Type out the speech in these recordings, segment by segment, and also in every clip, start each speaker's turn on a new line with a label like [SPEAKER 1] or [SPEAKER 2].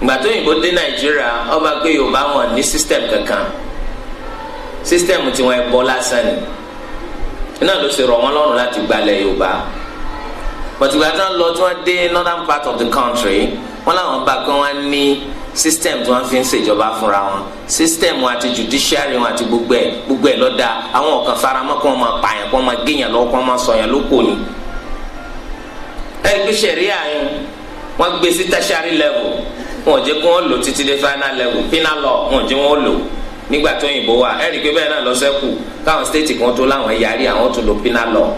[SPEAKER 1] ìgbà tó òyìnbó dé nàìjíríà ọba gbé yorùbá wọn ní system kankan system tiwọn ẹbọ lásán ni iná ló ṣe rọ̀ wọ́n lọ́rùn láti gbalẹ̀ yorùbá pọtùgbà tí wọ́n lọ tí wọ́n dé northern part of the country wọ́n làwọn bá pé wọ́n ní system tí wọ́n fi ń ṣèjọba fúnra wọn system wọn àti judiciary wọn àti gbogbo ẹ̀ gbogbo ẹ̀ lọ́dà àwọn ọ̀kan faramọ́ kí wọ́n máa pààyàn kí wọ́n máa géèyàn lọ́wọ́ kí wọ́n máa sọ̀yàn lóko ni ẹ gbé sẹ̀ríà yẹn wọ́n gbé sí tertiary level wọn ò jẹ́ kí wọ́n lò títí dé final level final law wọn ò jẹ́ wọ́n lò nígbà tó yìnbó wa ẹ rí i pé bẹ́ẹ̀ náà lọ́sẹ̀kù káwọn stéètì kan tó láwọn yarí àwọn tó lò final law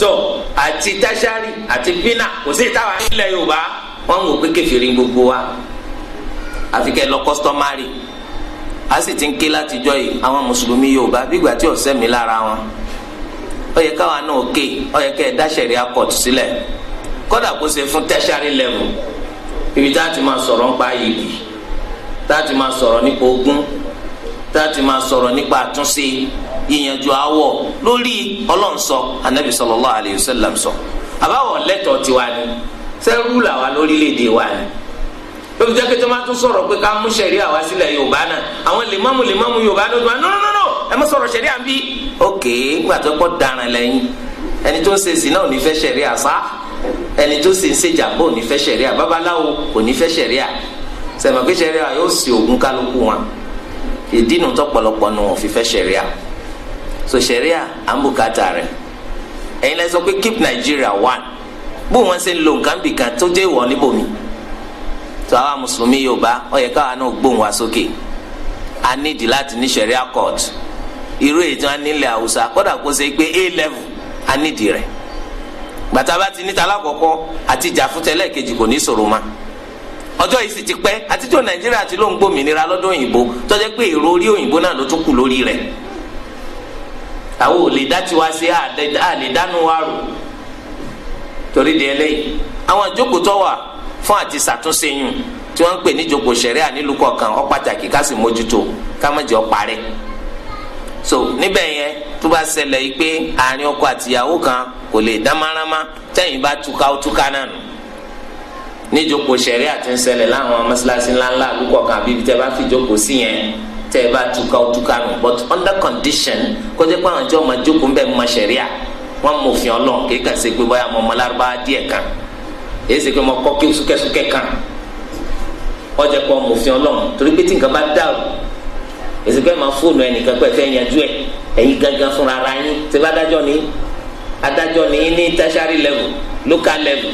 [SPEAKER 1] tó àti tẹ́sárì àti pínà kò sí ìtawà nílẹ̀ Yorùbá wọn ń wò pé kẹfìrí gbogbo wa àfi kẹ́ lọ kọ́sítọ́márì a sì ti ń ké látijọ́ yìí àwọn mùsùlùmí Yorùbá bígbà tí ọ̀sẹ̀ mi lára wọn ó yẹ káwa náà ké ó yẹ kẹ́ ẹ dá sẹ̀rí akọ̀tù sílẹ̀ kódà kó ṣe fún tẹ́sárì level ibi tá a ti máa sọ̀rọ̀ nípa ìlú tá a ti máa sọ̀rọ̀ nípa ogún tá a ti máa sọ̀rọ̀ nípa àtúnṣe yíyanjú awọ lórí Ọlọ́run sọ anabi sallallahu alayhi wa sallam sọ àbáwọ̀ lẹ́tọ̀ọ́ tiwa ni sẹ́rú làwa lórílẹ̀‐èdè wa ni lóbi jẹ́ kẹ́tẹ́ máa tún sọ̀rọ̀ pé ká mú sẹ̀rí àwa sílẹ̀ yorùbá náà àwọn lèmọ́mù lèmọ́mù yorùbá ló dùn án nínú nínú ẹ má sọ̀rọ̀ sẹ̀rí à ń bí. ok gbàtọ́ pọ̀ daran lẹ́yìn ẹni tó ń ṣe sí náà ò ní fẹ́ sẹ̀rí àṣà ẹni tó sì ń ṣèjàmbá òní fẹ́ ṣẹ̀ríà babaláwo òní fẹ́ ṣẹ̀ríà sẹ̀mọ̀ yóò sì ogun kálukú wọn ìdínú tó so pe keep Nigeria one bó wọn ṣe ń lo nǹkan kan tó jẹ́ ìwọ níbòmí tó àwa mùsùlùmí yẹ káwa náà gbóhùn sókè a láti ní court irú èyí tí A level a gbàtà bá ti níta alákọ̀ọ́kọ́ àti jàfútẹ́lẹ̀ kejì kò ní sòrò ma ọjọ́ yìí sì ti pẹ́ àtijọ́ nàìjíríà ti ló ń gbòmìnira lọ́dọ̀ òyìnbó tó jẹ́ pé èrò orí òyìnbó náà ló tún kù lórí rẹ̀ àwọn ò lè dá tiwa àlè dánú wa rò torí di ẹlẹ́yìí àwọn àjókòó tó wà fún àti ṣàtúnṣe yùn tí wọ́n ń pè ní ìjókòó ṣẹ̀ríà nílùú kọ̀ọ̀kan ó pàtàkì ká sì mójútó ká má jẹ́ ó parẹ́ so níbẹ̀ yẹn tó bá ṣẹlẹ̀ yìí pé àárín ọkọ àtìyàwó kan kò lè dámáránmá tẹ́yìn bá túká ó túká náà níjókòó sẹ̀rí àti láwọn mọ́sálásí ńláńlá àlùkò kan àbí tẹ́ bá fi jókòó sí yẹn tẹ́ bá túká ó túká nù but under condition kó jẹ́ pé àwọn ìjọ ọmọ jókòó ń bẹ̀ mọ sẹ̀rí à wọ́n mọ òfin ọlọ́run kì í kàn ṣe pé bóyá mo mọ lárúbá díẹ̀ kan èyí ṣe pé mo kọ́ kí súkẹ́súkẹ́ kan wọ́n jẹ́ pé mo òfin ọlọ́run torí pé tí nǹkan bá dàrú èyí ṣe pé máa fóònù ẹnìkan pẹ́ fẹ́ yanjú ẹ̀ ẹ̀yin gangan fúnra ara yín ṣe bá dájọ́ ni adájọ́ ní ní tertiary level local level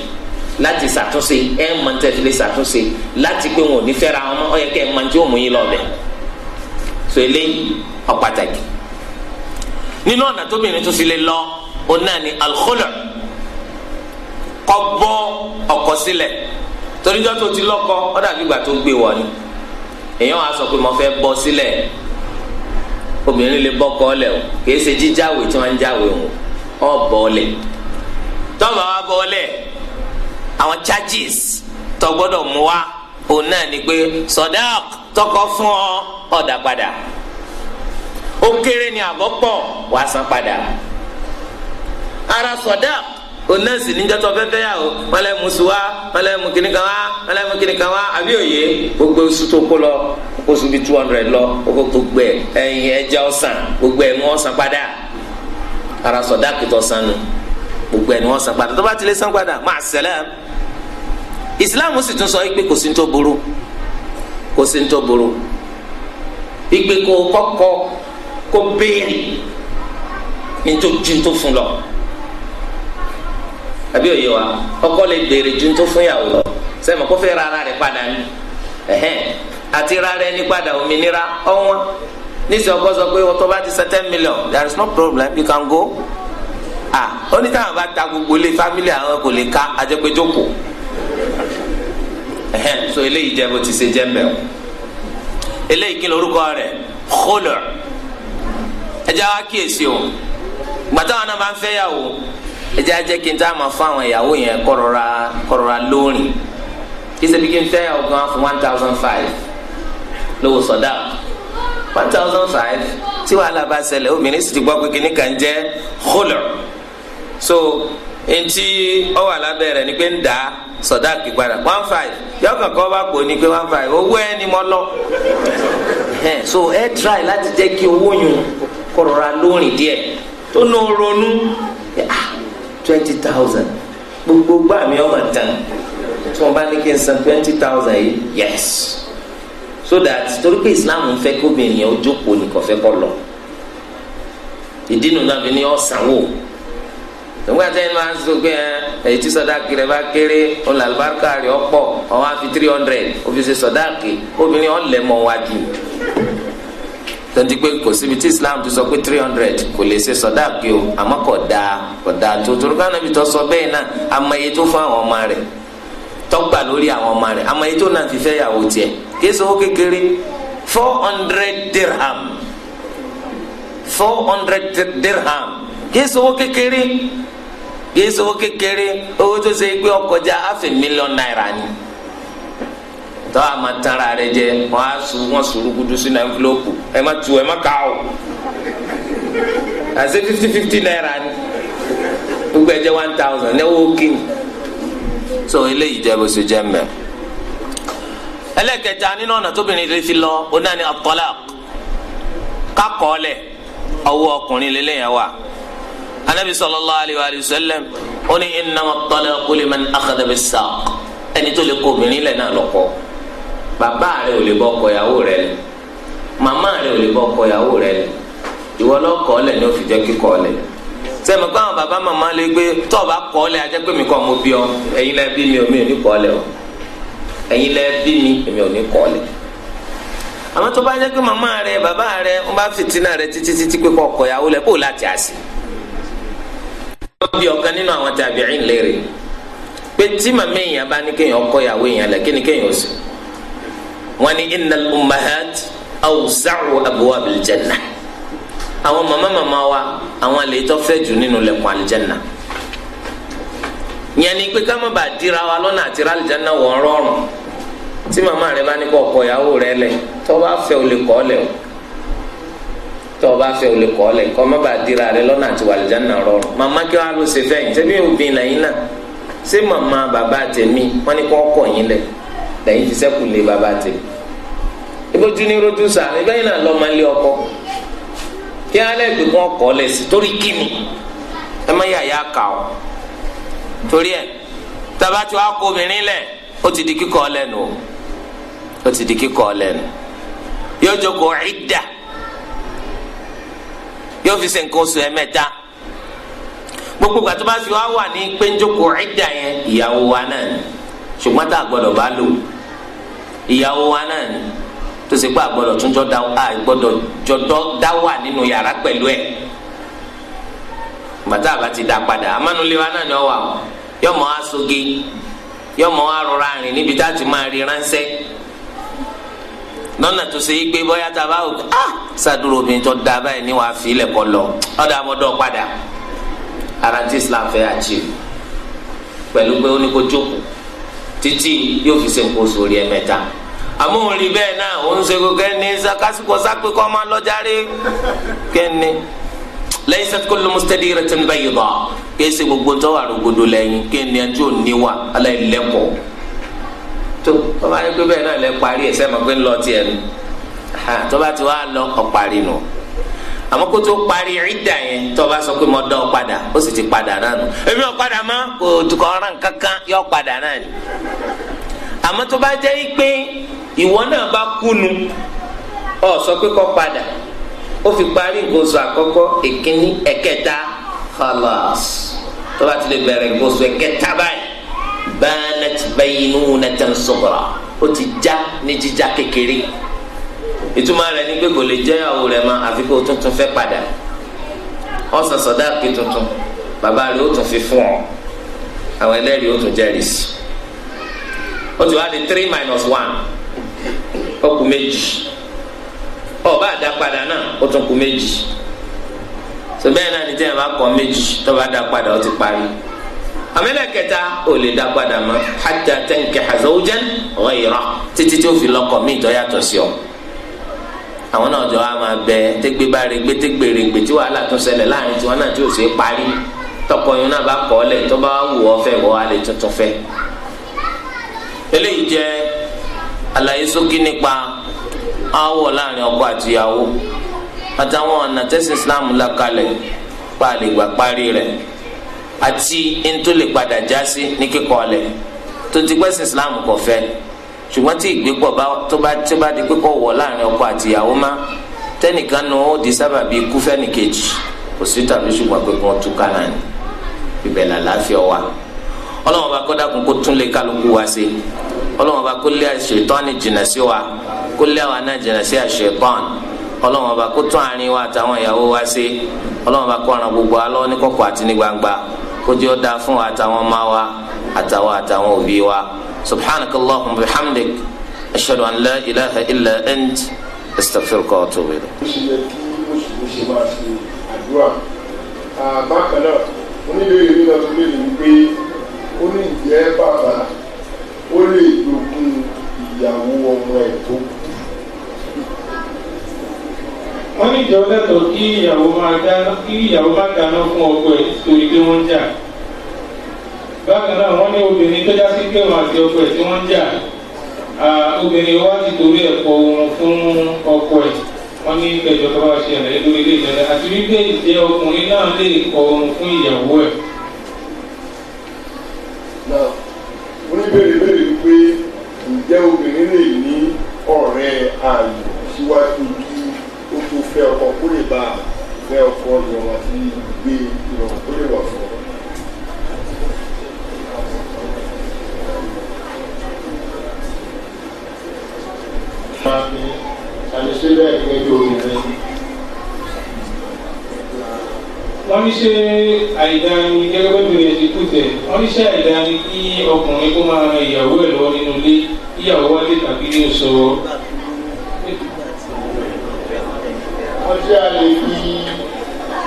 [SPEAKER 1] láti ṣàtúnṣe ẹ mọ tẹfilé ṣàtúnṣe láti pé wọn ò ní fẹ́ra ọmọ ọ yẹ kẹ́ ẹ mọ tí ó yín lọ́bẹ̀ so eléyìí ó pàtàkì nínú ọ̀nà tóbìnrin tó sì lè lọ òun náà ni alkhulur kó bọ́ ọkọ sílẹ̀ toríjọ́ tó ti lọ́kọ ó dàbí ìgbà tó gbé wọ̀ ni èèyàn á sọ pé mo fẹ́ bọ́ sílẹ̀ obìnrin lè bọ́ kọ́ lẹ̀ kì í ṣe jíjáwèé tí wọ́n ń jáwèé o ọ bọọlẹ tọ́ba wa bọọlẹ àwọn charges tọgbọdọ mú wa náà ni pé sọdáàk tọkọ fún ọ ọ̀dà padà ó kéré ní ara sọdáàk òun náà sì níjọ́ tó mú mú mú àbí òye gbogbo oṣù tó kó lọ oṣù bíi two hundred lọ gbogbo ẹja ara sọdáàkì tó sanu gbogbo ẹni wọn san padà tó bá tilẹ̀ san padà máa tún sọ ikpe kò sí ní tó burú kò sí ko tó burú ìgbé kó kọ́kọ́ kó béèrè ní tó fún lọ àbí òye wa ọkọ lè béèrè ju fún yàwó lọ padà ra padà òmìnira níṣẹ́ ọkọ sọ pé ọtọ́ bá ti san ten million there is no problem you can go ah onítàwọn bá ta gbogbo ilé family àwọn kò lè ka àjẹpẹ́jọ́kù ẹ̀hẹ́n so eléyìí jẹ́ bó ti ṣe jẹ́ mbẹ́ o eléyìí kí lorúkọ rẹ̀ khulu ẹjẹ́ wa kíyèsí o gbàtà wọn náà máa ń fẹ́ yàwó ẹjẹ́ ajẹ́ kí n tá a máa fún àwọn ìyàwó yẹn kọ̀rọ̀ra kọ̀rọ̀ra lórin kí sẹ́bi kí n fẹ́ yàwó gan fún one thousand five lówó sọ̀dáàkù one thousand five tí wàhálà bá ṣẹlẹ̀ obìnrin sì ti gbọ́ pé kìnnìkan ń jẹ́ khulu so ntí ọwọ́ alábẹ́ rẹ̀ ni pé ń dà á sọ̀dáàkì padà one five yọkàn kọ́ bá pò ní pé one five owó ẹ ni mo lọ so ẹ try láti jẹ́ kí owó yun kọ̀rọ̀ra lórin díẹ̀ tó ná ronú ah, twenty thousand gbogbo gbàmí ọmọ tán tí wọ́n bá ní kí n san twenty thousand yìí yes so that torí pé islam ń fẹ́ kóbìnrin yẹn ó jókòó ní kò fẹ́ kó lọ ìdí nu náà fi ní ọ̀sánwó nígbà tí ẹni máa ń sọ pé èyí tí sọdáàkì rẹ bá kéré ọ̀nà àlùbáríkà rẹ ọ̀pọ̀ ọ̀hún àfi three hundred òfin ṣe sọdáàkì obìnrin ọ̀lẹ̀ mọ̀ wájú tonti pé kò síbi tí islam ti sọ pé three hundred kò lè ṣe sọdáàkì o àmọ́ kò dáa kò dáa tó torí ká nàbì tó sọ bẹ́ẹ̀ náà àmọ́ iye tó fún àwọn ọmọ rẹ̀ tọ́gbà lórí àwọn ọmọ rẹ̀ àmọ́ iye tó náà fi fẹ́ yàwó tiẹ̀ kéésì owó kekere, four hundred dirham four hundred dirham kéésì owó kekere, kéésì owó kekere, owó tó ṣe pé ọkọjá àfi mílíọ̀nù náírà ni tọ́ a ma tara ara rẹ jẹ wọ́n á su wọ́n sùúrù kudu sínú ẹnfúlọ́pù ẹ ma tu ẹ ma kà o àti fifty fifty naira ni gbogbo ẹ jẹ one thousand ẹ wọ́n kí ni so eléyìí jẹ bó ṣe mẹ́rin. ẹlẹ́kẹta nínú ọ̀nà tóbìnrin lè fi lọ ọ náà ni at-talaq kakọọlẹ ọwọ́ ọkùnrin lélẹ́yìn wa anabi sallallahu alayhi wa sallam ó ní innama at-talaqu liman akhadha bis-saq ẹni tó lè kó obìnrin lẹ̀ náà lọ́kọ bàbá rẹ ò lè bọ́ ọkọ ìyàwó rẹ lẹ̀ màmá rẹ ò lè bọ́ ọkọ ìyàwó rẹ lẹ̀ ìwọ lọ́kọ ni ó fi jẹ́ kíkọ sẹ́mi pé àwọn bàbá màmá lè gbé tọ́ọ̀bà kọ́ ọlẹ̀ ajẹ́pẹ́mi kọ́ ọmọ bí ẹ̀yin lẹ́ bí mi ò mí ò ní kọ́ o ẹ̀yin lẹ bí mi èmi ò ní kọ́lé àmọ́ tó bá jẹ́ pé màmá rẹ bàbá rẹ ń bá fìtínà rẹ títí títí pé kọ̀ọ̀kọ̀ ìyàwó lẹ kó láti àṣì. wọ́n bí ọ̀kan nínú àwọn tàbíìn léèrè pé tí màmá èèyàn bá ní kéèyàn ọkọ ìyàwó èèyàn lẹ kí ni kéèyàn ó sè. wọ́n ní innal ummahat awsa'u abwab al àwọn màmá màmá wa àwọn àlè tó fẹ́ jù nínú lẹ̀kùn al ìyẹn ni pé ká má bàa dira wa lọ́nà àti rà wọ̀ rọrùn tí màmá rẹ bá ní ọkọ ìyàwó rẹ lẹ tó bá o lè kọ́ ọ o bá dira rẹ lọ́nà àti wà àlùjáná màmá kí wàá ló ṣe fẹ́ yìí sẹ́bi obìnrin lẹ́yìn náà ṣé màmá bàbá wọ́n ní ọkọ yín lẹ́yìn ti sẹ́kù lé bàbá tèmi sa lẹ̀ sí torí kíni ẹ má yà yà torí ẹ tabati wa kó obìnrin lẹ ó ti di kíkọ lẹ́nu ó ti di kíkọ lẹ́nu yóò jókòó ìdá yóò fi ṣe nǹkan oṣù ẹ̀mẹ́ta gbogbo gbàtọ́ bá fi wá wà ní péńjókòó ìdá yẹn ìyàwó wa náà ni ṣùgbọ́n tá a gbọ́dọ̀ bá lò ìyàwó wa náà ni tó ṣe pé àgbọ́dọ̀ tún jọ dá wà nínú yàrá pẹ̀lú ẹ̀. gbàtà àbá ti dá padà amánulé wa náà ni ọ wà o yọ mọ asoge yọ mọ arọra rìn níbi tá a ti máa rí ránṣẹ lọ́nà tó ṣe é gbé bóyá tá a bá wò ah obìnrin tó da báyìí ni wàá fi ilẹ̀ lọ ọ̀dà padà ara tí Islam fẹ́ achieve pẹ̀lú pé ó ní kó jókòó títí yóò fi ṣe nǹkan oṣù orí àmọ́ òun rí bẹ́ẹ̀ náà òun ṣe kó kẹ́ni sàkásìkò sápé laysat kullu mustadiratin bayda kéésì gbogbo tó wà rògbòdò lẹ́yìn kéènì ẹjọ́ níwà aláìlẹ́kọ̀ọ́ tó bàbá yẹn pé bẹ́ẹ̀ náà lẹ́ parí ẹ̀ sẹ́mi pé ń lọ tiẹ̀ nu tó bá ti wá lọ ọ̀ parí nu àmọ́ kó tó parí ìdá yẹn tó bá sọ pé mo dán padà ó sì ti padà náà nù èmi ò padà mọ́ kò tukọ̀ ọ̀ràn kankan yọ padà náà ni àmọ́ tó bá jẹ́ pé ìwọ náà bá kúnu ọ̀ sọ pé kó padà ó fi parí nǹkan oṣù àkọ́kọ́ èkíní ẹ̀kẹta khalas tó bá ti lè bẹ̀rẹ̀ nǹkan oṣù ẹ̀kẹta báyìí banat baynunatan sughra ó ti já ní jíjá kékeré ìtumọ̀ rẹ̀ ní pé kò lè jẹ́ ìyàwó rẹ̀ mọ́ àfi kó o tuntun fẹ́ padà ó san sàdáàkì tuntun bàbá rẹ̀ ó tún fi fún ọ àwọn ẹlẹ́rìí ó tún jẹ́rìí sí ó ti wá di three minus one ó kù méjì. ọba àdápadà náà ó tún kú méjì so bẹ́ẹ̀ náà ni tẹ́yìn bá kọ́ méjì bá àdápadà ó ti parí àmẹ́lẹ̀ kẹta ò lè dá padà mọ́ hatta tankiha zawjan ghayra títí tí ó fi lọ́kọ mí ìtọ́ yàtọ̀ sí ọ àwọn náà jọ wa bẹ tẹgbẹ bá regbe tẹgbẹ regbe tí wàhálà láàrin tiwọn náà tí parí tọkọyún bá kọ bá wù ọ aáwọ̀ láàrin ọkọ àtìyàwó àtàwọn ọ̀nà tẹ́sí islam là kalẹ̀ pa lè gbà parí rẹ̀ àti ntó lè padà já sí ní kíkọ́ lẹ̀ tó ti gbẹ́sí islam kò fẹ́ ṣùgbọ́n tí ìgbépọ̀ tó bá tó bá di pípọ̀ wọ̀ láàrin ọkọ àtìyàwó má tẹ́nìkan nu ó di sábàbí ikú fẹ́nìkejì kò sí tàbí ṣùgbọ́n pé wọ́n tú kánà ni ibẹ̀ làlàáfíà wà ọlọ́wọ́n bá kọ́ dákun kó tún lè kálukú wá sí ọlọ́wọ́n bá kó lé àṣetọ́ni jìnnà sí wa kó lé àwọn náà jìnnà sí àṣetán ọlọ́wọ́n bá kó tún àárín wa àtàwọn ìyàwó wa ṣe ọlọ́wọ́n bá kó ọ̀ràn gbogbo alọ́ ní kọ̀kọ̀ àti ní gbangba kó jẹ́ ó dáa fún wa àtàwọn ọmọ wa àtàwọn àtàwọn òbí wa subhanakallahumma wa bihamdik ashhadu an la ilaha illa ant astaghfiruka wa atubu ilayk. bákan náà oníbèrè mi náà tó lè ní pé ó ní ìjẹ́ bàbá ó lè dogun ìyàwó ọmọ ẹ̀ tó kù wọ́n ní ìjọ lẹ́tọ̀ọ́ kí ìyàwó máa dáná kí ìyàwó máa dáná fún ọkọ ẹ̀ torí pé wọ́n ń jà bákan náà wọ́n ní obìnrin tó jásí pé wọ́n àti ọkọ ẹ̀ tí wọ́n ń jà obìnrin wa ti torí ẹ̀ pọ̀ ohun fún ọkọ ẹ̀ wọ́n ní ìgbẹ́jọ tó bá ṣe ẹ̀rẹ́ lórí ilé ìjọba àti wípé ìjẹ́ ọkùnrin náà lè kọ ohun fún ìyàwó ẹ̀. wọ́n bèrè bèrè pé ǹjẹ́ obìnrin lè ní ọ̀rẹ́ ààyè síwájú kó fẹ́ ọkọ kó lè bá fẹ́ ọkọ ìrọ̀rùn àti gbé ìrọ̀rùn kó lè wà fún ọ. àṣìṣe bẹ́ẹ̀ gẹ́gẹ́ obìnrin. wọ́n ní ṣe àìdá ni gẹ́gẹ́ bẹ́ẹ̀ bẹ̀rẹ̀ ti kú tẹ̀ wọ́n ní ṣe àìdá ni kí ọkùnrin kó máa ran ìyàwó ẹ̀ lọ́wọ́ nínú ilé ìyàwó wálé tàbí ní ìṣòro. wọ́n ṣe àlè fi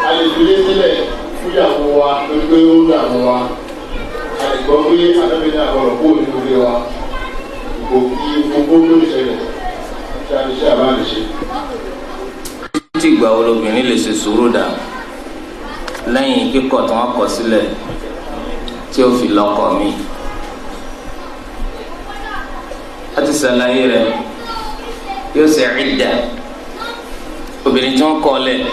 [SPEAKER 1] àlè fìlé sílẹ̀ fún ìyàwó wa lórí pé ó ń dààmú wa àìgbọ́ pé àtàbíyẹn àbọ̀rọ̀ kó nínú ilé wa kò kí gbogbo ló ń ṣẹlẹ̀ ṣe àlè ṣe àbá lè ṣe. títí ìgbà wo lobìnrin lè ṣe sùúrù dà lẹ́yìn kíkọ̀ tí wọ́n kọ sílẹ̀ tí ó fi lọ́kọ̀ mi láti ṣàlàyé rẹ̀ yóò ṣe ìdá obìnrin tí wọ́n kọ lẹ̀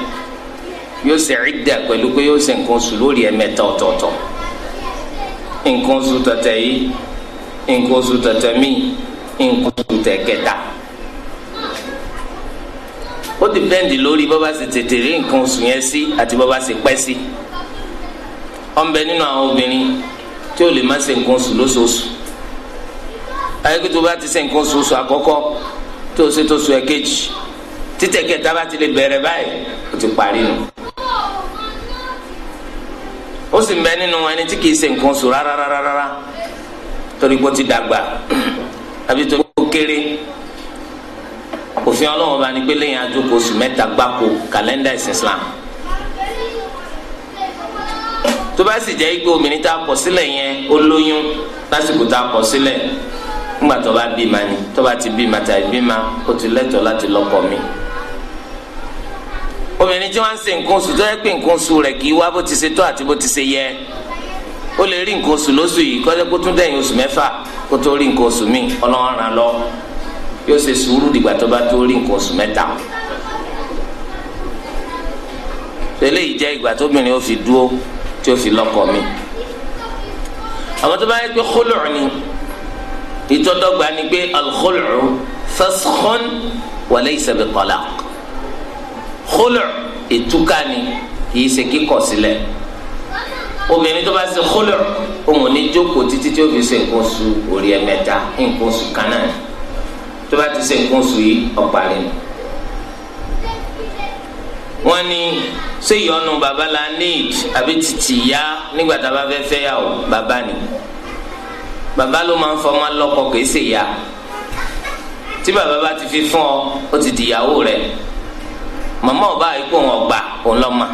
[SPEAKER 1] yóò ṣe ìdà pẹ̀lú pé yóò ṣe nǹkan oṣù lórí ẹ̀mẹ́ta ọ̀tọ̀ọ̀tọ̀ nǹkan oṣù tẹ̀tẹ̀ yìí nǹkan oṣù tẹ̀tẹ̀ míì nǹkan oṣù tẹ̀kẹta ó dìpẹ́ǹdì lórí bọ́bá ṣe tètè rí nǹkan oṣù yẹn sí àti bọ́bá ṣe pẹ́ sí ọ̀nbẹ nínú àwọn obìnrin tí ó lè má ṣe nǹkan oṣù lóṣooṣù ayé kí tó bá ti ṣe nǹkan oṣooṣù àkọ́kọ́ tó ṣe tó oṣù ẹ̀kejì títẹ̀ kẹta bá ti lè bẹ̀rẹ̀ báyìí ó ti parí nù. ó sì ń bẹ nínú ẹni tí kìí ṣe nǹkan sùn rárá rárá rárá torí pé ó ti dàgbà àbí torí pé ó kéré òfin ọlọ́run bá ní pé lẹ́yìn àjòkó oṣù mẹ́ta gbáko kàlẹ́ndà ìsìn Islam tó bá sì jẹ́ igbó obìnrin tá a kọ̀ sílẹ̀ yẹn ó lóyún lásìkò tá a kọ̀ sílẹ̀ ńgbà bá bímọ ni tó ti bímọ tàbí bímọ ó ti lẹ́tọ̀ọ́ láti lọ́kọ mi obìnrin tí wọ́n ń ṣe nǹkan oṣù tó yẹ pé nǹkan oṣù rẹ̀ kì í wá bó ti ṣe tó àti bó ti ṣe yẹ ó lè rí nǹkan oṣù lóṣù yìí kọ́jọ́ kó tún dẹ̀yìn oṣù mẹ́fà kó tó rí nǹkan oṣù míì ọlọ́run lọ yóò ṣe sùúrù dìgbà tó bá tó rí nǹkan oṣù mẹ́ta eléyìí jẹ́ ìgbà tóbìnrin ó fi dúró tí ó fi lọ́kọ mi àwọn tó bá yẹ pé khulu' ni ìtọ́dọ́gba ni pé al-khulu' faskhun wa khulu ìtúká ni kì í ṣe kíkọ̀ sílẹ̀ obìnrin tó bá ṣe khulu òun ní jókòó títí tí ó fi ṣe nǹkan oṣù orí ẹ̀mẹ́ta nǹkan oṣù kan náà ni tó bá ti ṣe nǹkan oṣù yìí ọ̀parí ni. wọ́n ní ṣé ìyọnu bàbá la need àbí títì yá nígbà bá fẹ́ fẹ́ yà ó bàbá ni bàbá ló máa ń fọmọ lọ́kọ kì í ṣe yá tí bàbá bá ti fi fún ọ ó ti di ìyàwó rẹ̀. Mama ọba àìkú ọgba ọgbà òun lọ́mọ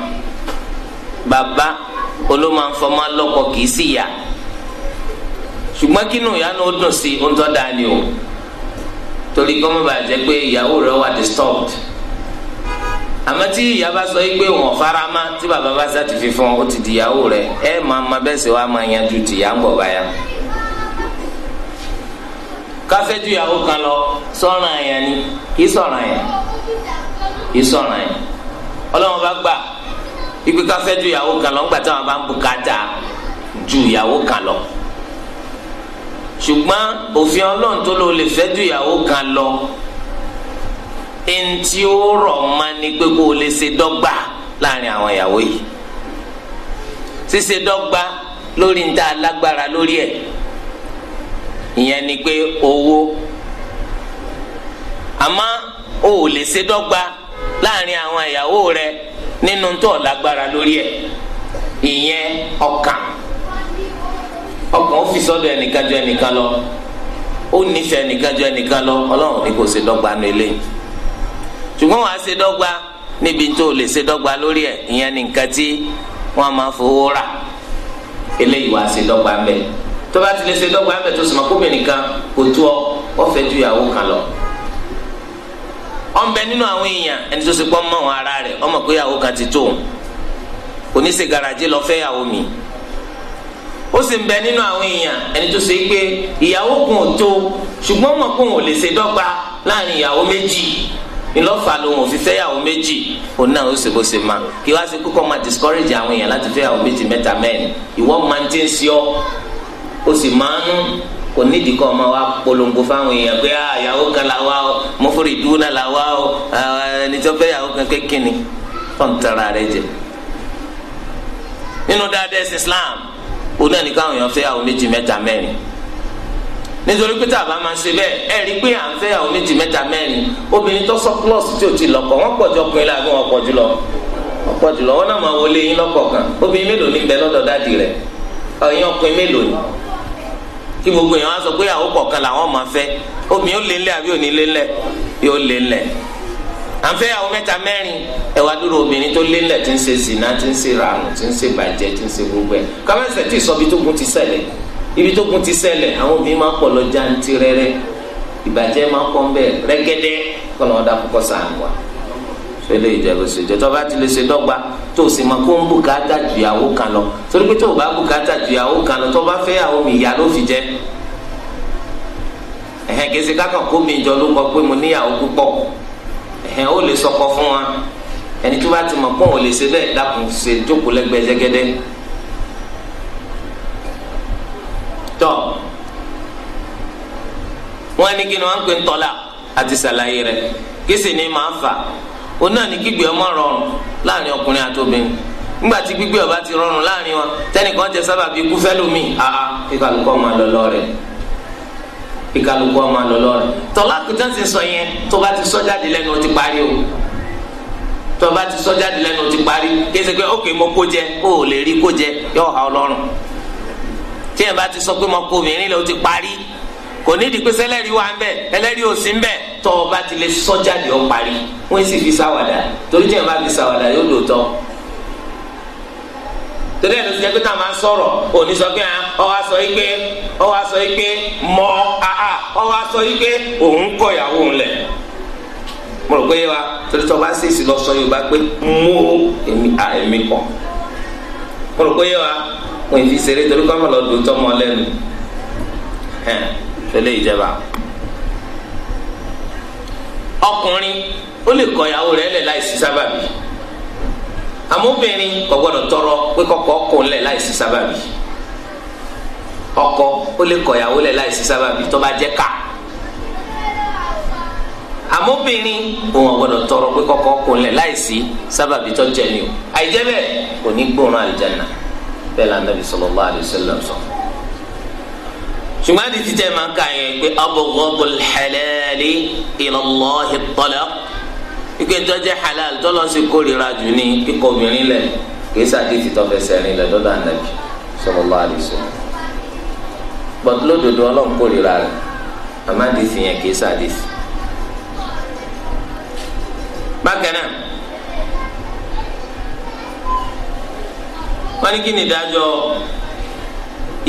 [SPEAKER 1] bàbá olómọ̀fọmọ kìí sì yá ṣùgbọ́n kínú ìyá náà dùn sí ni o torí kọ́mọ́ bàa jẹ́ pé ìyàwó rẹ̀ wà disturbed àmọ́ tí ìyá bá sọ pé tí bá ti fi ó ti di ìyàwó rẹ̀ ẹ máa ma bẹ́ẹ̀ ni kì í sọ̀ràn ìsọ̀ràn yìí ọlọ́run bá gbà ipe ká fẹ́ ju ìyàwó kan lọ ńgbà táwọn bá ń bùkátà ju ìyàwó kan lọ ṣùgbọ́n òfin ọlọ́run tó lò lè fẹ́ ju ìyàwó kan lọ eŋti ó rọ̀ ma ni pé kó o lè ṣe dọ́gba láàrin àwọn ìyàwó yìí ṣíṣe dọ́gba lórí ń ta lágbára lórí ẹ̀ ìyẹn ni pé owó àmọ́ o ò lè ṣe dọ́gba láàrin àwọn ìyàwó rẹ nínú tó lágbára lórí ẹ ìyẹn ọkàn ọkàn ó fi sọ́dọ̀ ẹnìkan ju ẹnìkan lọ ó nífẹ̀ẹ́ ẹnìkan ju ẹnìkan lọ Ọlọ́run ní kò ṣe dọ́gba nu ilé ṣùgbọ́n wàá ṣe dọ́gba níbi tó lè ṣe dọ́gba lórí ẹ̀ ìyẹn ní nǹkan tí wọ́n máa fowó rà eléyìí wàá ṣe dọ́gba mbẹ́ tó bá ti lè ṣe dọ́gba mbẹ́ tó sì máa kó bẹ̀ nìkan kò tó ọ wọ́n fẹ́ ju ìyàwó kan lọ ọ̀nbẹ nínú àwọn èèyàn ẹni tó ṣe pọ́ mọ́ àwọn ara rẹ̀ ọmọ pé ìyàwó kan ti tó òun oníṣe garaje lọ fẹ́ ìyàwó mi ó sì ń bẹ nínú àwọn èèyàn ẹni tó ṣe pé ìyàwó kan ò tó ṣùgbọ́n mọ̀ pé òun ò lè ṣe dọ́gba láàrin ìyàwó méjì ńlọ́fà lòun ò fi fẹ́ ìyàwó méjì òun náà ó ṣe bó ṣe máa kí wá sí kókó máa discourage àwọn èèyàn láti fẹ́ ìyàwó méjì mẹ́ta mẹ́rin ìwọ máa ń tẹ́ sí ọ ó sì máa ń kò nídìí kọ́ ọmọ wa polongo fáwọn èèyàn pé àyàwó ah, kan la wá o mọ́fórì dúró la wá o ẹni tó fẹ́ kan kékeré ni kọ́ńtàrà rẹ jẹ. nínú dáadáa ẹ̀sìn Islam òun náà ní káwọn èèyàn fẹ́ yàwó méjì mẹ́ta mẹ́rin nítorí pé tàbá máa ń ṣe bẹ́ẹ̀ ẹ rí i pé à ń fẹ́ yàwó méjì mẹ́ta mẹ́rin obìnrin tó sọ plus tí o ti lọ́kọ wọ́n pọ̀ jù ọkùnrin láàbí wọn pọ̀ jù lọ wọ́n pọ̀ náà máa wọlé yín lọ́kọ̀ọ̀kan obìnrin mélòó ní bẹ lọ́dọ̀ dáàdì rẹ̀ ọ̀yin ọkùnrin mélòó ni kí gbogbo yẹn wá sọ pé àwọn kọ̀ọ̀kan làwọn máa fẹ́ obìnrin ó lé ńlẹ̀ àbí òní lé ńlẹ̀ yóò lé ńlẹ̀ à ń fẹ́ àwọn mẹ́ta mẹ́rin ẹ wá dúró obìnrin tó lé ńlẹ̀ tí ń ṣe zina tí ń ṣe ràánù tí ń ṣe bàjẹ́ tí ń ṣe gbogbo ẹ̀ kámẹ́sẹ̀ tí ìsọbi tó gun ti ṣẹlẹ̀ ibi tó gun ti ṣẹlẹ̀ àwọn obìnrin máa ń pọ̀ lọ jantirẹrẹ ìbàjẹ́ máa ń pọ̀ rẹ́gẹ́dẹ́ kọ́nà ọ̀dà púpọ̀ sàn wà fẹlẹ ìjẹbù ṣèjọ tó bá ti lè ṣe dọ́gba tó o sì mọ kó ń bùkátà ju ìyàwó kan lọ torí pé tó o bá bùkátà ju ìyàwó kan lọ tó o bá fẹ́ ìyàwó mi ìyá ló fi jẹ ẹ̀hẹ́n kìí ṣe kákan kó mi jọ ló kọ pé mo níyàwó púpọ̀ ẹ̀hẹ́n ó lè sọkọ fún wa ẹni tó bá ti mọ̀ pọ́n ò lè ṣe bẹ́ẹ̀ dákun ṣe jókòó lẹ́gbẹ̀ẹ́ jẹ́gẹ́dẹ́ tọ́ wọ́n ní kí ni wọ́n ń pè ń tọ́lá àti ṣàlàyé rẹ̀ kí sì ni màá fà òun náà ní gbígbé ọmọ rọrùn láàrin ọkùnrin àti obìnrin nígbà tí gbígbé ọba ti rọrùn láàrin wọn tẹnìkan jẹ sábàbí ikú fẹlómi àá kíkàlùkọ ọmọ àlọlọ rẹ kíkàlùkọ ọmọ àlọlọ rẹ tọlá kùtà ti sọ yẹn tó bá ti sọ jáde lẹ́nu ó ti parí o tó bá ti sọ jáde lẹ́nu ó ti parí kí ẹsẹ pé ókè mo kó jẹ ó lè rí kó jẹ yóò ha Ọlọ́run tí yẹn bá ti sọ pé mo kó obìnrin lẹ ó ti parí kò ní ìdí pé sẹlẹ́rì wà ń bẹ̀ ẹlẹ́rì ò sí ń bẹ̀ tọ́ ọ bá ti lè sọ́jà lè ọ parí wọ́n sì fi sáwàdà torí jẹ́ ìbá fi sáwàdà yóò lò tọ́ torí ẹ̀ ló ti jẹ́ pé tá a máa sọ̀rọ̀ òní sọ ah, pé ọ wá sọ yìí pé ọ wá sọ yìí pé mọ àhà ọ wá sọ yìí pé òun kọ ìyàwó òun lẹ̀ mo rò pé wa torí tọ́ bá ṣèṣì lọ sọ Yorùbá pé mú èmi à èmi kọ mo rò pé wa mo ì fi ṣeré torí kọ́ mọ̀ lọ́dún tọ́ mọ lẹ́nu eléyìí jẹba ọkùnrin ó lè kọ ìyàwó rẹ̀ lẹ̀ láìsí sábàbí amóbìnrin kò gbọ́dọ̀ tọrọ pé kọkọ kò lẹ̀ láìsí sábàbí ọkọ ó lè kọ ìyàwó lẹ̀ láìsí sábàbí tó bá jẹ́ ká amóbìnrin òun ọgbọ́dọ̀ tọrọ pé kọkọ kò lẹ̀ láìsí sábàbí tó jẹ́ ni o àìjẹ́ bẹ́ẹ̀ kò ní gbóòórùn àlìjáná bẹ́ẹ̀ lànà Nabi sallallahu alaihi wasallam sọ ṣùgbọ́n àti títẹ̀ máa ń kà yẹn pé abọ́gọ́gọ́ halali ilallahi talaq ike tọ́jú halal tọ́lọ́ sí kórìíra jù ní kíkọ obìnrin lẹ̀ kìí sáàdì ti tọ́fẹsẹ̀ rìn lẹ̀ lọ́dọ̀ ànábì sallallahu alaihi wasallam gbọ̀dọ̀ lódodo ọlọ́run kórìíra rẹ̀ àmọ́ àdìsí yẹn kìí sáàdì sí. bákan wọ́n ní kí ni ìdájọ́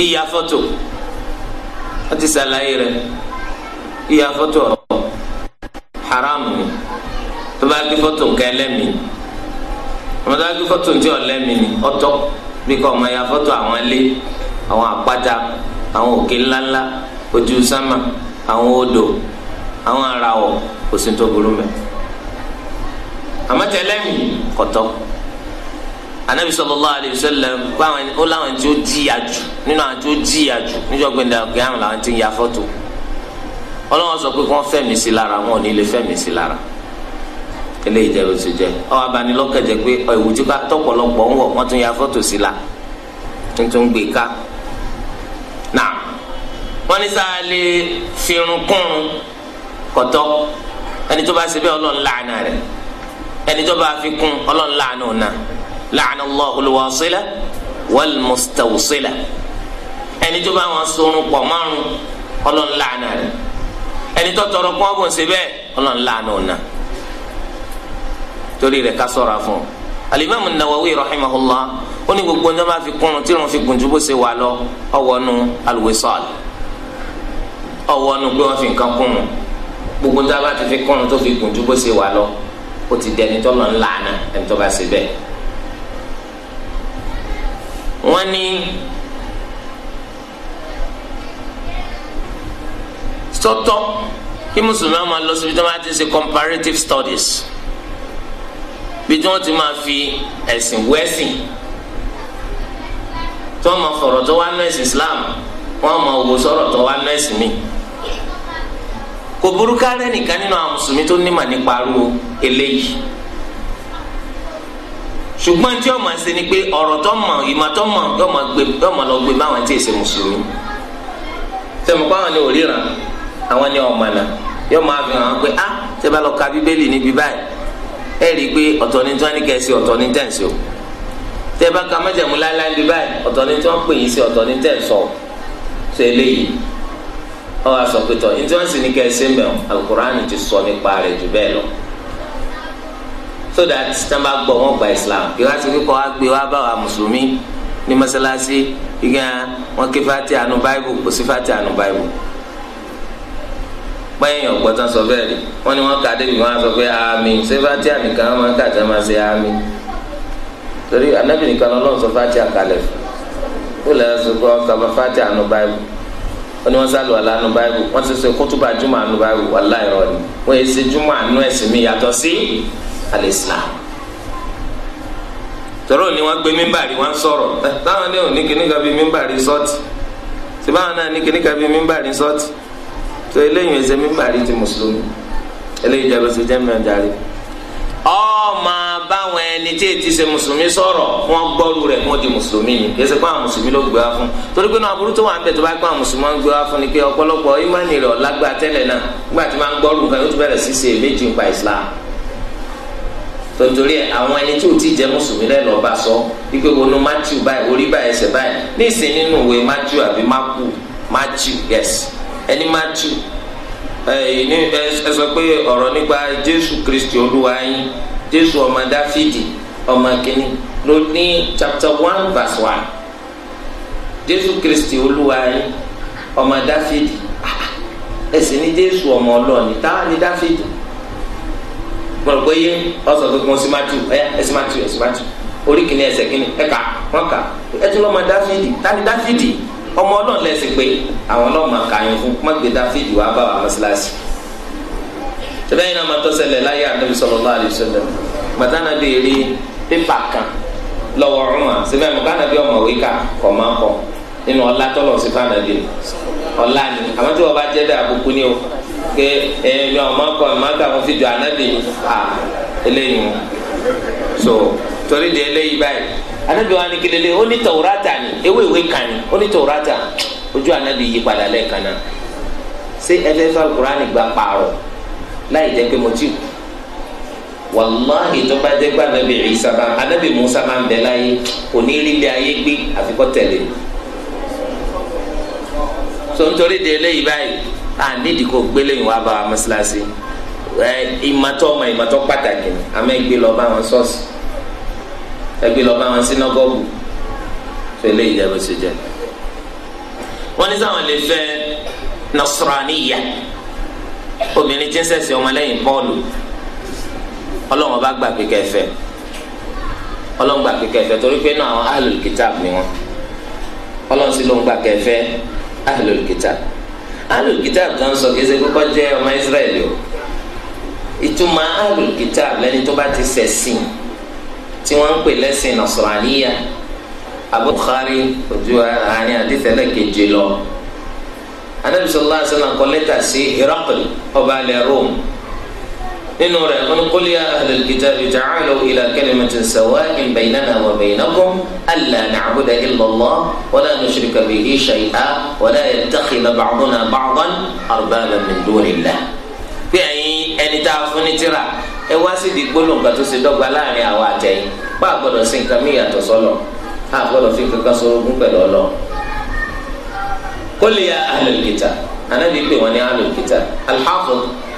[SPEAKER 1] ìyá fọ́tò wọ́n ti ṣàlàyé rẹ̀ yíya fọ́tò ọ̀rọ̀ haramu ni tó bá gbé fọ́tò nǹkan ẹlẹ́mìí wọ́n bá gbé fọ́tò ní ọ̀lẹ́mìí ni ọ̀tọ̀ bí kò ọmọ ya fọ́tò àwọn ilé àwọn àpáta àwọn òkè ńláńlá ojú sámà àwọn odò àwọn arawọ̀ kò sí tó burú mẹ́ àmọ́ tẹ́lẹ̀mìí kọ̀tọ́ anabi sallallahu alayhi wa sallam báwọn ó láwọn tí ó jìyà jù nínú àwọn tí ó jìyà jù níjọ́ gbẹndà gbẹyàmù làwọn tí ń ya fọ́tò Ọlọ́run sọ pé kí wọ́n fẹ̀mí sí lára wọn ò ní lè fẹ̀mí sí lára eléyìí jẹ́ oṣù jẹ́ ọ abanilọ́kẹ̀jẹ̀ pé ìwù tí ká tọ́pọ̀lọpọ̀ ń wọ̀ wọ́n tún ya fọ́tò sí la tuntun gbé ká náà wọ́n ní sáà lè firun kúrun kọ̀tọ́ ẹni tó bá ṣe bẹ́ẹ̀ Ọlọ́run láàánà rẹ̀ ẹni tó bá fi kún Ọlọ́run láàánà ọ̀nà la'ana Allahul wasila wal mustawsila ẹni tó bá wọn sorun pọ̀ márùn Ọlọ́run làánà rẹ̀ ẹni tó tọrọ kún ọbùn sí bẹ́ẹ̀ Ọlọ́run làánà ọ̀nà torí rẹ̀ ká ṣọ́ra fún un alimami nawawi rahimahullah ó ní gbogbo ní wọn bá fi kúrun tí wọn fi gùn ju bó ṣe wà lọ ọwọ́nu alwisal ọwọ́nu pé wọn fi nǹkan kúrun gbogbo ní wọn bá ti fi kúrun tó fi gùn bó ṣe wà lọ ó ti dẹni tó ńlá àná ẹni tó bá ṣe bẹ́ẹ̀ wọ́n ní sọ́tọ̀ kí mùsùlùmí máa lọ síbi tí wọ́n bá ti ṣe comparative studies bí tí wọ́n ti máa fi ẹ̀sìn wẹ́sìn tí wọ́n máa fọ̀rọ̀ tó wá nọ́ọ̀sì Islam wọ́n máa wò sọ̀rọ̀ tó wá nọ́ọ̀sì mi kò burúkú alẹ́ nìkan nínú àwọn mùsùlùmí tó nímọ̀ nípa arú eléyìí ṣùgbọ́n tí ọmọ ṣe ni pé ọ̀rọ̀ tó mọ̀ ìmọ̀ tó mọ̀ yọmọ gbé yọmọ lọ gbé báwọn tí èsè mùsùlùmí sẹ́mi pa àwọn ni ò ríran àwọn ni ọmọ náà yọmọ àfihàn pé ah ṣe bá lọ ka bíbélì níbi báyìí ẹ rí i pé ọ̀tọ̀ ni tí wọ́n ní kẹ́sì ọ̀tọ̀ ni tẹ̀ ń sọ tẹ́ bá ka májàmú láéláé níbi báyìí ọ̀tọ̀ ni tí wọ́n pè yín sí ọ̀tọ̀ ni tẹ̀ ń sọ sọ eléyìí ọ wá sọ pé tọ̀ ní so that tí wọn bá gbọ́ wọn gba islam kí wọn ti kíkọ wá gbé wá bá wa mùsùlùmí ní mọ́sálásí gbígbà wọn ké fati àánú báìbù kò sí fati àánú báìbù pẹ́yìn ọ̀gbọ́tàn sọ bẹ́ẹ̀ rí wọ́n ní wọ́n kà débi wọ́n á sọ pé àmì ṣé fati àmì kan wọ́n kà tẹ́ máa ṣe àmì torí anábì nìkan lọ́lọ́run sọ fati àkàlẹ̀ fún un lẹ́yìn sọ́kọ́ kàmá fati àánú báìbù wọ́n ní wọ́n sálù àlá àánú báìbù wọ́n ti sọ kótópà jùmọ̀ àánú báìbù wàláì rọ̀ ni wọ́n yẹ al-Islam tọrọ ni wọn gbé mímbàrí wọn sọ̀rọ̀ táwọn ní òní kìnnìkan bíi mímbàrí sọọtì síbáwọn náà ní kìnnìkan bíi mímbàrí sọọtì tó eléyìí ẹsẹ mímbàrí ti mùsùlùmí eléyìí jẹ lọsẹ jẹ mìíràn járe. ọmọ báwọn ẹni tí èyí ti ṣe mùsùlùmí sọ̀rọ̀ wọn gbọrú rẹ̀ wọn di mùsùlùmí ni kì í ṣe pé àwọn mùsùlùmí ló gbé wá fún torí pé náà aburú tó wà ń bẹ tó bá pé àwọn mùsùlùmí wọn gbé wá fún ni pé ọ̀pọ̀lọpọ̀ ìmánì rẹ̀ náà nígbà tí wọn gbọrú nǹkan yóò tún bẹ̀rẹ̀ sí ṣe méjì nípa ìsìlámù tontori ẹ àwọn ẹni tí o ti jẹ mùsùlùmí lẹ lọọ bá sọ wípé wọnú matthew báyìí orí báyìí ẹsẹ̀ báyìí ní ìsìn nínú ìwé matthew àbí maku matthew yes ẹni matthew ẹ sọ pé ọ̀rọ̀ nípa jésù kristi olúwa yín jésù ọmọ dáfídì ọmọ kínní ló ní chapter one verse one jésù kristi olúwa yín ọmọ dáfídì ẹ sì ní jésù ọmọ ọlọ́ọ̀ni táwa ní dáfídì mọ̀rọ̀ pé yé ọ̀sán tó kún símátù ẹ̀yà ẹ̀símátù ẹ̀símátù orí kìíní ẹsẹ̀ kìíní ẹ̀ka wọn kà ẹtú lọ́mọ dáfídì tani dáfídì ọmọ ọlọ́run lẹ́sìn pé àwọn ọlọ́mọ kàyàn fún mọ́gbé dáfídì wàá bá wà mọ́sálásì. tẹ́lẹ̀ yìí náà máa tọ́sẹ̀lẹ̀ láyé àdébí sallallahu alaihi wasallam gbàtánà bí eré pépà kan lọ́wọ́ ọ̀rùn à síbẹ̀ mọ̀ gánà bí ọmọ wíkà kọ̀ máa kọ̀ nínú ọlá tọ́lọ̀ sí fáànà ọlá ni àmọ́ tí wọ́n bá jẹ́ bẹ́ẹ̀ àbùkù ni o pé èmi ọmọ kọ ẹ̀ má kàwọn sí ju anábì mi à mu so torí di eléyìí báyìí anábì wa ni kelele ó ní tawurata ni ewé ìwé kan ni ó ní tawurata ojú anábì yí padà lẹ́ẹ̀kan náà ṣé ẹlẹ́fẹ́ alukurani gba pààrọ̀ láì jẹ́ pé mo ti kú wàláhì tó bá jẹ́ pé anábì Ìsá bá anábì Mùsá máa ń bẹ láyé kò ní lílé ayé gbé àfikọ́ tẹ̀lé so nítorí di eléyìí báyìí à ah, nídìí kò gbélé yìí wá bá wa mọ́sálásí ẹ ìmọ̀tọ́ ọmọ ìmọ̀tọ́ pàtàkì ni àmọ́ ẹ gbé lọ bá wọn ṣọ́ọ̀ṣì ẹ gbé lọ bá wọn sínágọ́gù fẹlẹ ìjẹun ṣe jẹ wọn ní sáwọn lè fẹ́ nasraniya obìnrin tí ń ṣẹ̀sìn ọmọlẹ́yìn Pọ́ọ̀lù Ọlọ́run bá gbà pé kẹfẹ Ọlọ́run gbà pé kẹfẹ torí pé náà àwọn kitab ni wọn Ọlọ́run sì ló ń gbà kẹfẹ ahlul kitab. alul kitab tó ń sọ kí ẹsẹ kọ́kọ́ jẹ́ ọmọ israẹli o alul kitab tó bá ti ṣẹ̀sìn tí wọ́n ń pè lẹ́sìn nasraniya Abu Bukhari ojú keje lọ anabi kọ sí Rome. nínú rẹ̀ wọn qul ya ahlal kitabi ta'alu ila kalimatin sawa'in baynana wa baynakum alla na'buda illallah wa la nushrika bihi shay'an wa la yattakhidha ba'duna ba'dan arbaban min dunillah bí ẹ̀yin ẹni tá a fún ní tírà ẹ wá sí di gbólóhùn kan tó ṣe dọ́gba láàrin àwọn àtẹ̀yìn bá a gbọ́dọ̀ sí nǹkan mí yàtọ̀ sọ́lọ̀ fi kankan sorogún pẹ̀lú ọlọ. qul ya ahlal kitab anábì pè wọ́n ní ahlul kitab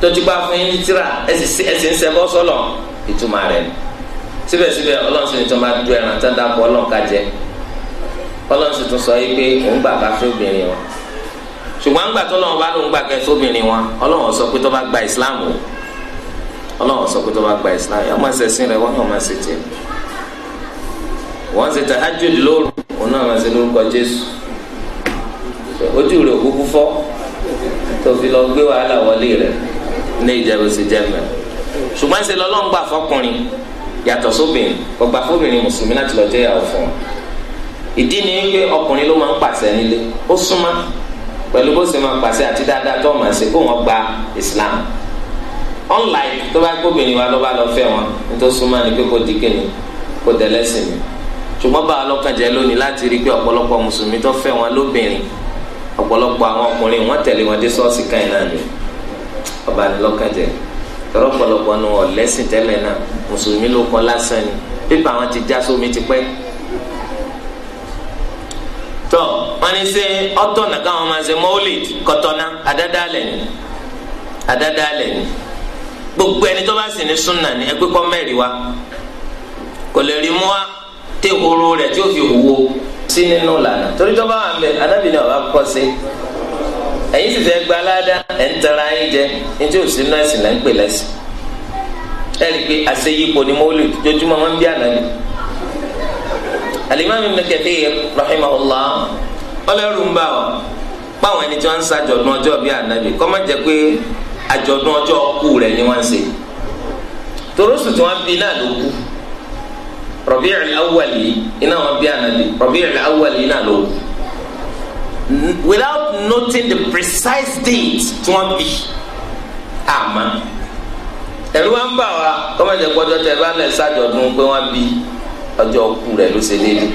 [SPEAKER 1] tọ́júgbà fún yín tira tíra ẹ̀sìn sẹ́bọ́ sọ́lọ̀ ìtumọ̀ rẹ̀ síbẹ̀síbẹ̀ ọlọ́run sì du ẹran ọlọ́run ká jẹ ọlọ́run sọ yìí pé òun gbà bá fẹ́ obìnrin wọn ṣùgbọ́n àgbà tó lọ́wọ́ bá lóun pé tó bá gba ìsìláàmù ọlọ́run sọ pé tó bá gba ìsìláàmù yọ máa ṣẹ̀sìn rẹ wọ́n yọ máa ṣe tiẹ̀ wọ́n ṣe lóru òun náà máa ṣe lórúkọ Jésù ojú rẹ̀ òkú fọ́ tó fi lọ gbé ilé ìjẹ́bùsì jẹ́mẹ̀ ṣùgbọ́n ṣe lọ́lọ́ ń gbà fọkùnrin yàtọ̀ sóbìnrin ọgbà fóbìnrin mùsùlùmí láti lọ jẹ́ ìyàwó fún un ìdí ni pé ọkùnrin ló máa ń pàṣẹ nílé ó súnmọ́ pẹ̀lú bó ṣe máa pàṣẹ àti dáadáa tó máa ṣe kó wọn gba Islam unlike tó bá gbóbìnrin wa ló bá lọ fẹ́ wọn nítorí súnmọ́ ni pé kó di kéne kó dẹlẹ́sìn mi ṣùgbọ́n bá ọlọ́kàn jẹ́ lónìí láti rí pé ọ̀pọ̀lọpọ̀ mùsùlùmí tó fẹ́ wọn lóbìnrin ọ̀pọ̀lọpọ̀ àwọn ọkùnrin wọn tẹ̀lé wọn dé ṣọ́ọ̀ṣì káyìn náà nìyẹn ọba ní lọ́kànjẹ́ tọ́rọ pọ̀lọpọ̀ nu ọ̀lẹ́sìn tẹ́lẹ̀ náà mùsùlùmí ló kọ́ lásán ni pépà wọn ti já sómi ti pẹ́. tọ́ wọ́n ní sẹ́ ọ́tọ̀nà káwọn máa ṣe mọ́ọ́lìd kọ́tọ́ná àdádálẹ̀ ni àdádálẹ̀ ni gbogbo ẹni tó bá sì ní súnà ni ẹgbẹ́ kọ́ mẹ́rin wa kò lè rí mú wa tẹ́ horo rẹ̀ tí ó fi hùwò sí nínú lànà torí tó bá wà ń bẹ ẹ̀yin sì fẹ́ gba aládá ẹ̀ ń tara ayé jẹ ẹni tí ò sí nọ́ọ̀sì là ń pè lẹ́sìn ẹ̀ rí i pé àṣeyípo ni mọ́ọ́lì jojúmọ́ wọn bí àná ni. alimami ibn Kathir rahimahullah ọlẹ́rù ń bá ọ páwọn ẹni tí wọ́n ń ṣàjọ̀dún ọjọ́ bíi ànábì kọ́ má jẹ́ pé àjọ̀dún ọjọ́ kú rẹ̀ ni wọ́n ń ṣe torósù tí wọ́n bí náà ló kú Rabi'ul awwal iná wọn bí ànábì Rabi'ul awwal yìí ló kú without noting the precise date tí wọ́n bí àmọ́ ẹ̀rú wa ń bà wá kọ́mọ̀tì gbọ́dọ̀ tẹ bá lẹ̀ ṣàjọ̀dún pé wọ́n bí ọjọ́ ọkù rẹ̀ ló ṣe déédéé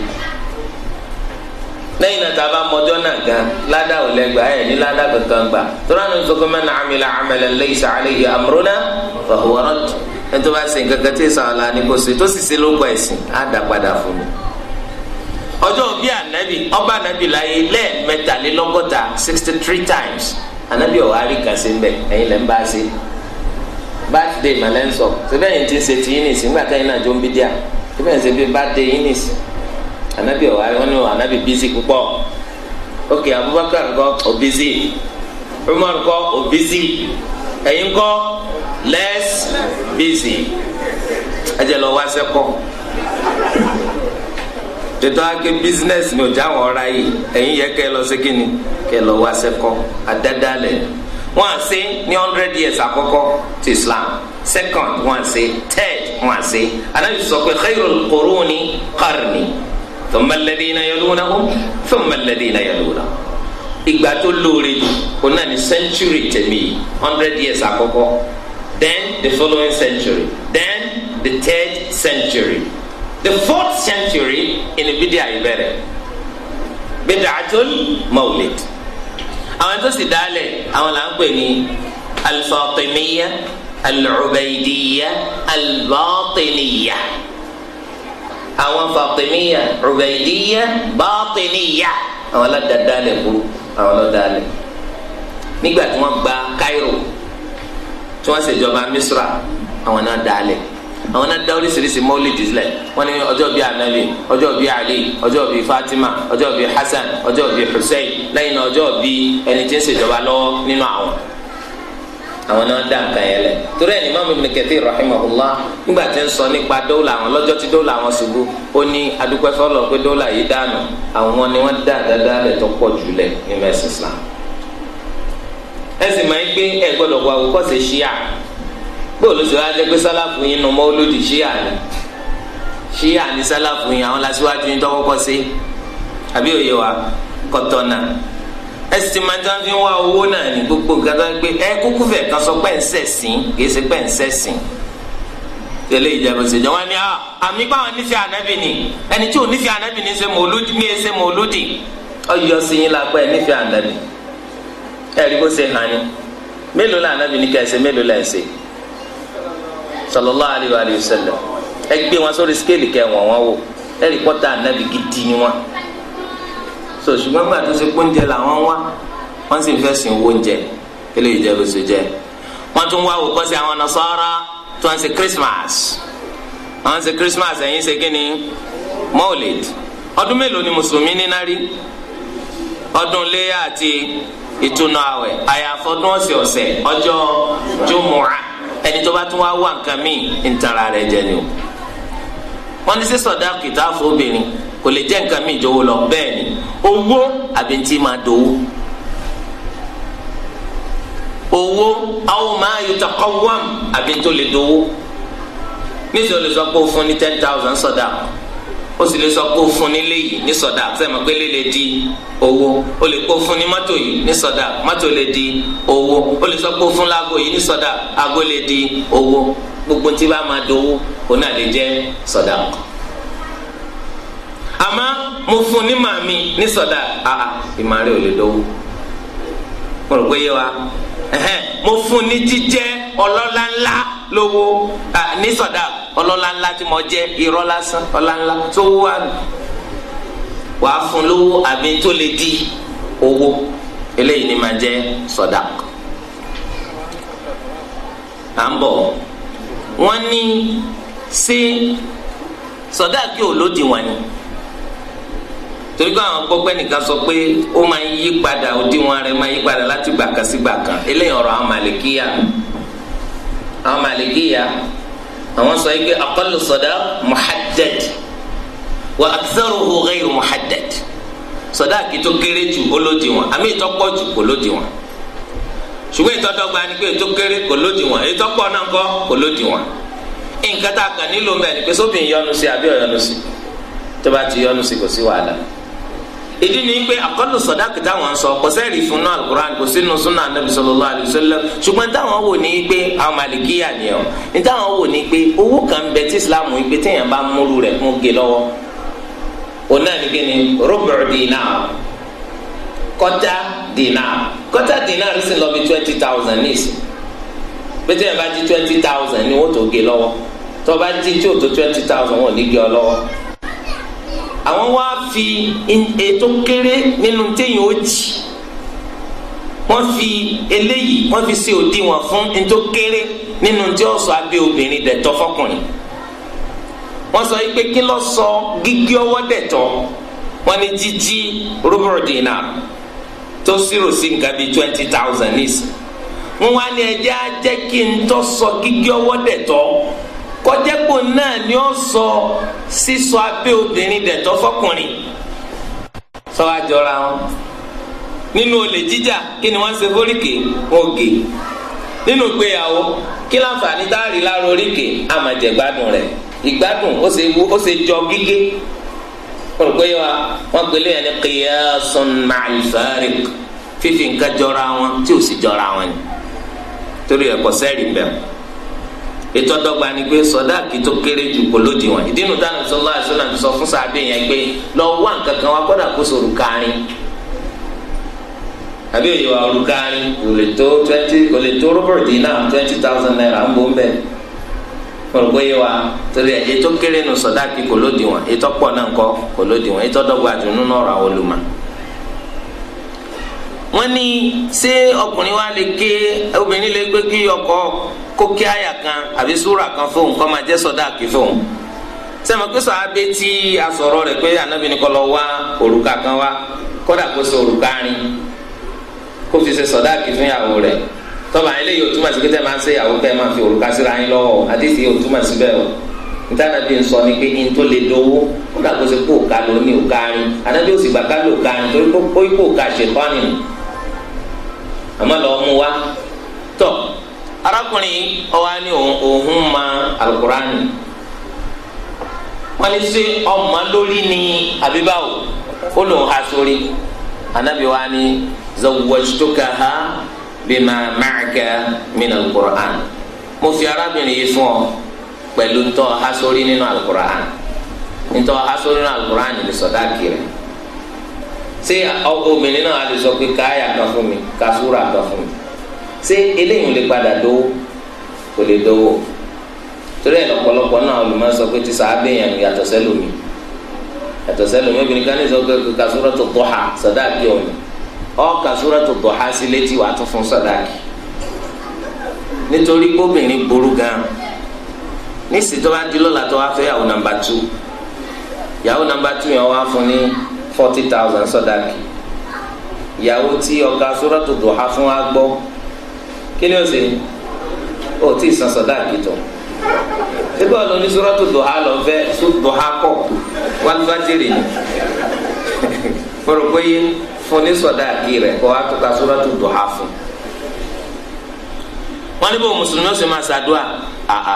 [SPEAKER 1] lẹ́yìn náà tá a bá mọjọ́ náà gan ládàá ò lẹ́gbàá ẹ̀ ní ládàá kankan gbà tó ránù sọ́kọ́ mẹ́ta amila amalan laysa alayhi amruna fahuwa radd ẹni tó bá ṣe nǹkan tí ì sàwọn ni kò ṣe tó sì ṣe ló gbọ́ ẹ̀sìn á dà padà fún mi ọjọ́ bí anabi ọba anabi láyé lẹ́ẹ̀mẹ́talélọ́gọ́ta sixty three times anabi ọ̀hún àríkàsí ń bẹ̀ ẹ̀yin lẹ́ ń bá a ṣe birthday malẹ́nsọ̀ síbẹ̀ yìí ti ṣe ti yínis nígbà táyìn náà jó ń bí díà síbẹ̀ yìí ṣe bí birthday yínis anabi ọ̀hún àríwọ́n ní anabi bísí púpọ̀ ok abubakar kọ́ ò bísí umar kọ́ ò bísí ẹ̀yin kọ́ less busy. ẹ jẹ́ lọ wá sẹ́kọ̀ọ́ tètè wá ké bísínẹ́sì ni ọjà wọn ra yìí ẹ̀yin yẹ kẹ́ lọ sí kíni kẹ́ lọ wá sẹ́kọ́ àdádálẹ̀ wọ́n á ṣe ní hundred years àkọ́kọ́ ti Islam second wọ́n á ṣe third wọ́n á ṣe Ànábì sọ pé khayrul quruni qarni thumma alladhina yalunahum thumma alladhina yalunahum ìgbà tó lóore jù kò náà ní century tẹ̀mí hundred years àkọ́kọ́ then the following century then the third century the fourth century ìní bídíà yìí bẹ̀rẹ̀ bid'atul mawlid àwọn tó sì dálẹ̀ àwọn là ń pè ní al-Fatimiyya al-Ubaydiyya al-Batiniyya àwọn Fatimiyya Ubaydiyya Batiniyya àwọn aládàdálẹ̀ burú àwọn aládàdálẹ̀ nígbà tí wọ́n gba Cairo tí wọ́n ṣèjọba Misra àwọn náà dálẹ̀. àwọn náà dá oríṣiríṣi mọ́lìdì sílẹ̀ wọ́n ní ọjọ́ bíi anabi ọjọ́ bíi ali ọjọ́ bíi fatima ọjọ́ bíi hasan ọjọ́ bíi hussein lẹ́yìn náà ọjọ́ bíi ẹni tí ń ṣèjọba lọ́wọ́ nínú àwọn àwọn náà dá nǹkan yẹn lẹ torí ẹni Imam Ibn Kathir rahimahullah nígbà tí ń sọ nípa àwọn lọ́jọ́ tí dọ́wùlà àwọn ṣubú ní adúpẹ́ fọlọ́ pé bóòlù sọ wájú pé sálàfù yín nu mọ́lúdì ṣíyà ni ṣíyà ni sálàfù yín àwọn lásìwájú yín tọ́kọ́kọ́ sí àbí òye wa kọ̀tọ̀nà ẹ ti máa ń tán fi wá owó náà ní gbogbo nǹkan tó ń pè kúkú kan sọ pé ń kì í ṣe pé ń tẹlẹ ìjẹun ṣèjọ wọn ni ah, àmì báwọn ànábì ni ẹni tí ò ànábì ni ṣe sallallahu alayhi wa alayhi wa sallam ẹ gbé wọn sórí skéèlì kẹwọn wọn wò ẹ rí pọ́tà gidi wọn. so ṣùgbọ́n gbà tó ṣe pọ́njẹ làwọn wá wọ́n sì fẹ́ sìn owó oúnjẹ eléyìí jẹ́ lóṣù jẹ́ wọ́n tún wá òkọ́ sí àwọn nasara tó ń ṣe christmas àwọn ṣe christmas ẹ̀yìn ṣe kí ni maulid ọdún mélòó ni mùsùlùmí níná rí ọdún léyà àti ìtúnu àwẹ̀ àyàfọ́dún ọ̀sẹ̀ ọ̀sẹ̀ ọjọ́ jùmùà ẹni tó bá tún wá wà nǹkan míì ń tara rẹ̀ jẹ ni o wọ́n ní sí sọ̀dá kìtà fóbìnrin kò lè jẹ́ nǹkan míì jọ̀wọ́ lọ bẹ́ẹ̀ ni owó àbí tí máa dowó owó àwọn máa yọta kọ́wọ́m àbí tó lè dowó níṣẹ́ sọ pé o fún ní ten thousand sọ̀dá. So ó sì lè sọ pé ó fún nílé yìí ní sọdá sẹ́mi pé lè lè di owó ó lè kó fún ní mọ́tò yìí ní sọdá mọ́tò lè di owó ó lè sọ pé ó fún láago yìí ní sọdá aago lè di owó gbogbo tí bá máa dowó kò náà lè jẹ́ sọdá àmọ́ mo fún ní màmí ní sọdá àà ìmàlẹ́ ò lè dowó kọ̀rọ̀ pé yé wa mo fún ní jíjẹ́ ọlọ́lá ńlá lówó ní sọ̀dá ọlọ́lá ńlá tí mo jẹ́ irọ́ lásán ọlá ńlá tó wà nù wàá fún lówó àbí tó lè di owó eléyìí ni máa jẹ́ sọ̀dá à ń bọ̀ wọ́n ní sí sọ̀dá kí ò lódiwọ̀n ni torí pé àwọn gbọ́ pé nìkan sọ pé ó máa ń yí padà òdiwọ̀n rẹ̀ máa yí padà láti gbà kan sí gbà kan eléyìí ọ̀rọ̀ àwọn màlìkíyà àwọn màlìkíyà àwọn sọ yìí pé aqallu sadaq muhaddad wa aktharuhu ghayru muhaddad sọdáàkì tó kéré jù ó lòdì wọn àmì ìtọ́pọ̀ jù kò lòdì wọn ṣùgbọ́n ìtọ́dọ́gba ni pé ètò kéré kò lòdì ìtọ́pọ̀ náà kọ́ kò lòdì nǹkan tá a kàn nílò mẹ́rin pé sóbì yọnu sí àbí ọ̀yọnu sí tó bá ti yọnu sí kò sí wàhálà. ìdí ni pé àkọlù sọdáàkì táwọn ń sọ kò sẹ́ẹ̀rì fún náà alukur'an kò sínú súnà anabi sallallahu alayhi wa sallam ṣùgbọ́n táwọn wò ní pé àwọn màlìkíyà ni ọ ní táwọn wò ní pé owó kan bẹ tí islam pé téèyàn bá múlu rẹ̀ fún gé lọ́wọ́ òun náà ní kíni rubu dinar kọ́tà kọ́tà sì lọ bí twenty di twenty thousand di tí ò tó twenty thousand àwọn wá fi ètò kéré nínú téèyàn ó jì wọ́n fi eléyìí wọ́n fi ṣe òdiwọ̀n fún ètò kéré nínú tí ó sọ abẹ́ obìnrin dẹ̀tọ́ fọkùnrin wọ́n sọ pé kí ló sọ gígé ọwọ́ dẹ̀tọ́ wọ́n ní jíjí rúbọ̀rù dìínà tó ṣírò sí nǹkan bíi twenty thousand nísìn wọ́n wá ní ẹjẹ́ á jẹ́ kí n tó sọ gígé ọwọ́ dẹ̀tọ́ kọjẹ́pò náà ni ó sọ sísọ abẹ́ obìnrin dẹ̀tọ́ fọkùnrin sọ àjọra wọn nínú olè jíjà kí ni wọ́n ṣe fóríkè ògè nínú ìgbéyàwó kí láǹfààní tá a rí lára oríkè àmàjẹ̀gbádùn rẹ̀ ìgbádùn ó ṣe ó ṣe jọ gígé wọn rò pé wa wọn gbélé yẹn ní qiyasun fífi nǹkan jọra wọn tí ò sì jọra wọn ni torí ẹ̀kọ́ sẹ́ẹ̀rì bẹ́ẹ̀. ètò ni pé sọdáàkì tó kéré jù kò lódì wọn ìdínú táwọn ìṣọlá àṣọlá ti sọ fún sàbẹ yẹn pé lọ wá nǹkan kan wá kọdà kó àbí òye wa kò lè tó náà twenty naira ń yé wa torí ètò kéré nu sọdáàkì kò wọn wọ́n ní ṣé ọkùnrin wa lè ké obìnrin lè gbé kí ọkọ kó kí àyà kan àbí súrà kan fóun kọ́ máa jẹ́ sọ́dá kí fóun sẹ́mi pé sọ abé tí a sọ̀rọ̀ rẹ̀ pé anabi ni kó lọ wá òrùka kan wá kódà kó so òrùka rin kó fi ṣe sọ́dá kí fún ìyàwó rẹ̀ tọ́ba eléyìí ò túmọ̀ sí pé tẹ́ máa ń ṣe ìyàwó kẹ́ máa fi òrùka síra yín lọ́wọ́ àdéhìí ò túmọ̀ sí bẹ́ẹ̀ o nítorí anabi ń ni pé yín tó lè dowó kó ṣe kó òka lóní òka rin anabi ò gbà ká lóòka rin torí kó kó ìkó òka ṣèkọ́ni àmọ́ lọ́ọ́ mú wa tọ́ arákùnrin ọwọ́ ni òun ma alukurani wọ́n lè ṣe ọmọ lórí ni àbíbáwò ó lòun ha sórí anabi wa ni zawwajtukaha bima ma'aka min alukurani mo fi arábìnrin yìí fún ọ pẹ̀lú ntọ́ ha nínú alukurani ntọ́ ha nínú alukurani lè sọ̀dá kiri. So ṣé obìnrin náà a lè sọ pé káyà kan fún mi kásúrà kan fún mi ṣé eléyìí lè padà dówó kò lè dówó torí ẹ̀ lọ́pọ̀lọpọ̀ náà olùmọ̀ sọ pé ti sàábẹ yẹn yàtọ̀ sẹ́lómi yàtọ̀ sẹ́lómi obìnrin kan ní sọ pé kásúrà tó dọ́hà sàdáàkì òní ọ kásúrà tó dọ́hà sí létí wàá tún fún sàdáàkì nítorí gbóbìnrin burú gan nísìtọ́ bá di lọ́la tó wá fẹ́ yàwó nàmbà tú yàwó nàmbà tú yẹn wá fún ní. forty thousand sọdaki ìyàwó tí ọ̀gá sóràtò dùhà fún wa gbọ́ kí ni ó ṣe ó tí ì san sọdaki tó síbẹ̀ ọ̀nà ní dùhà lọ fẹ́ dùhà kọ̀ wọn ni fọlọ́pọ̀ fún ní sọdaki rẹ̀ kọ́ wa tó ka sóràtò dùhà fún wọn ní bò mùsùlùmí ó sì máa àhà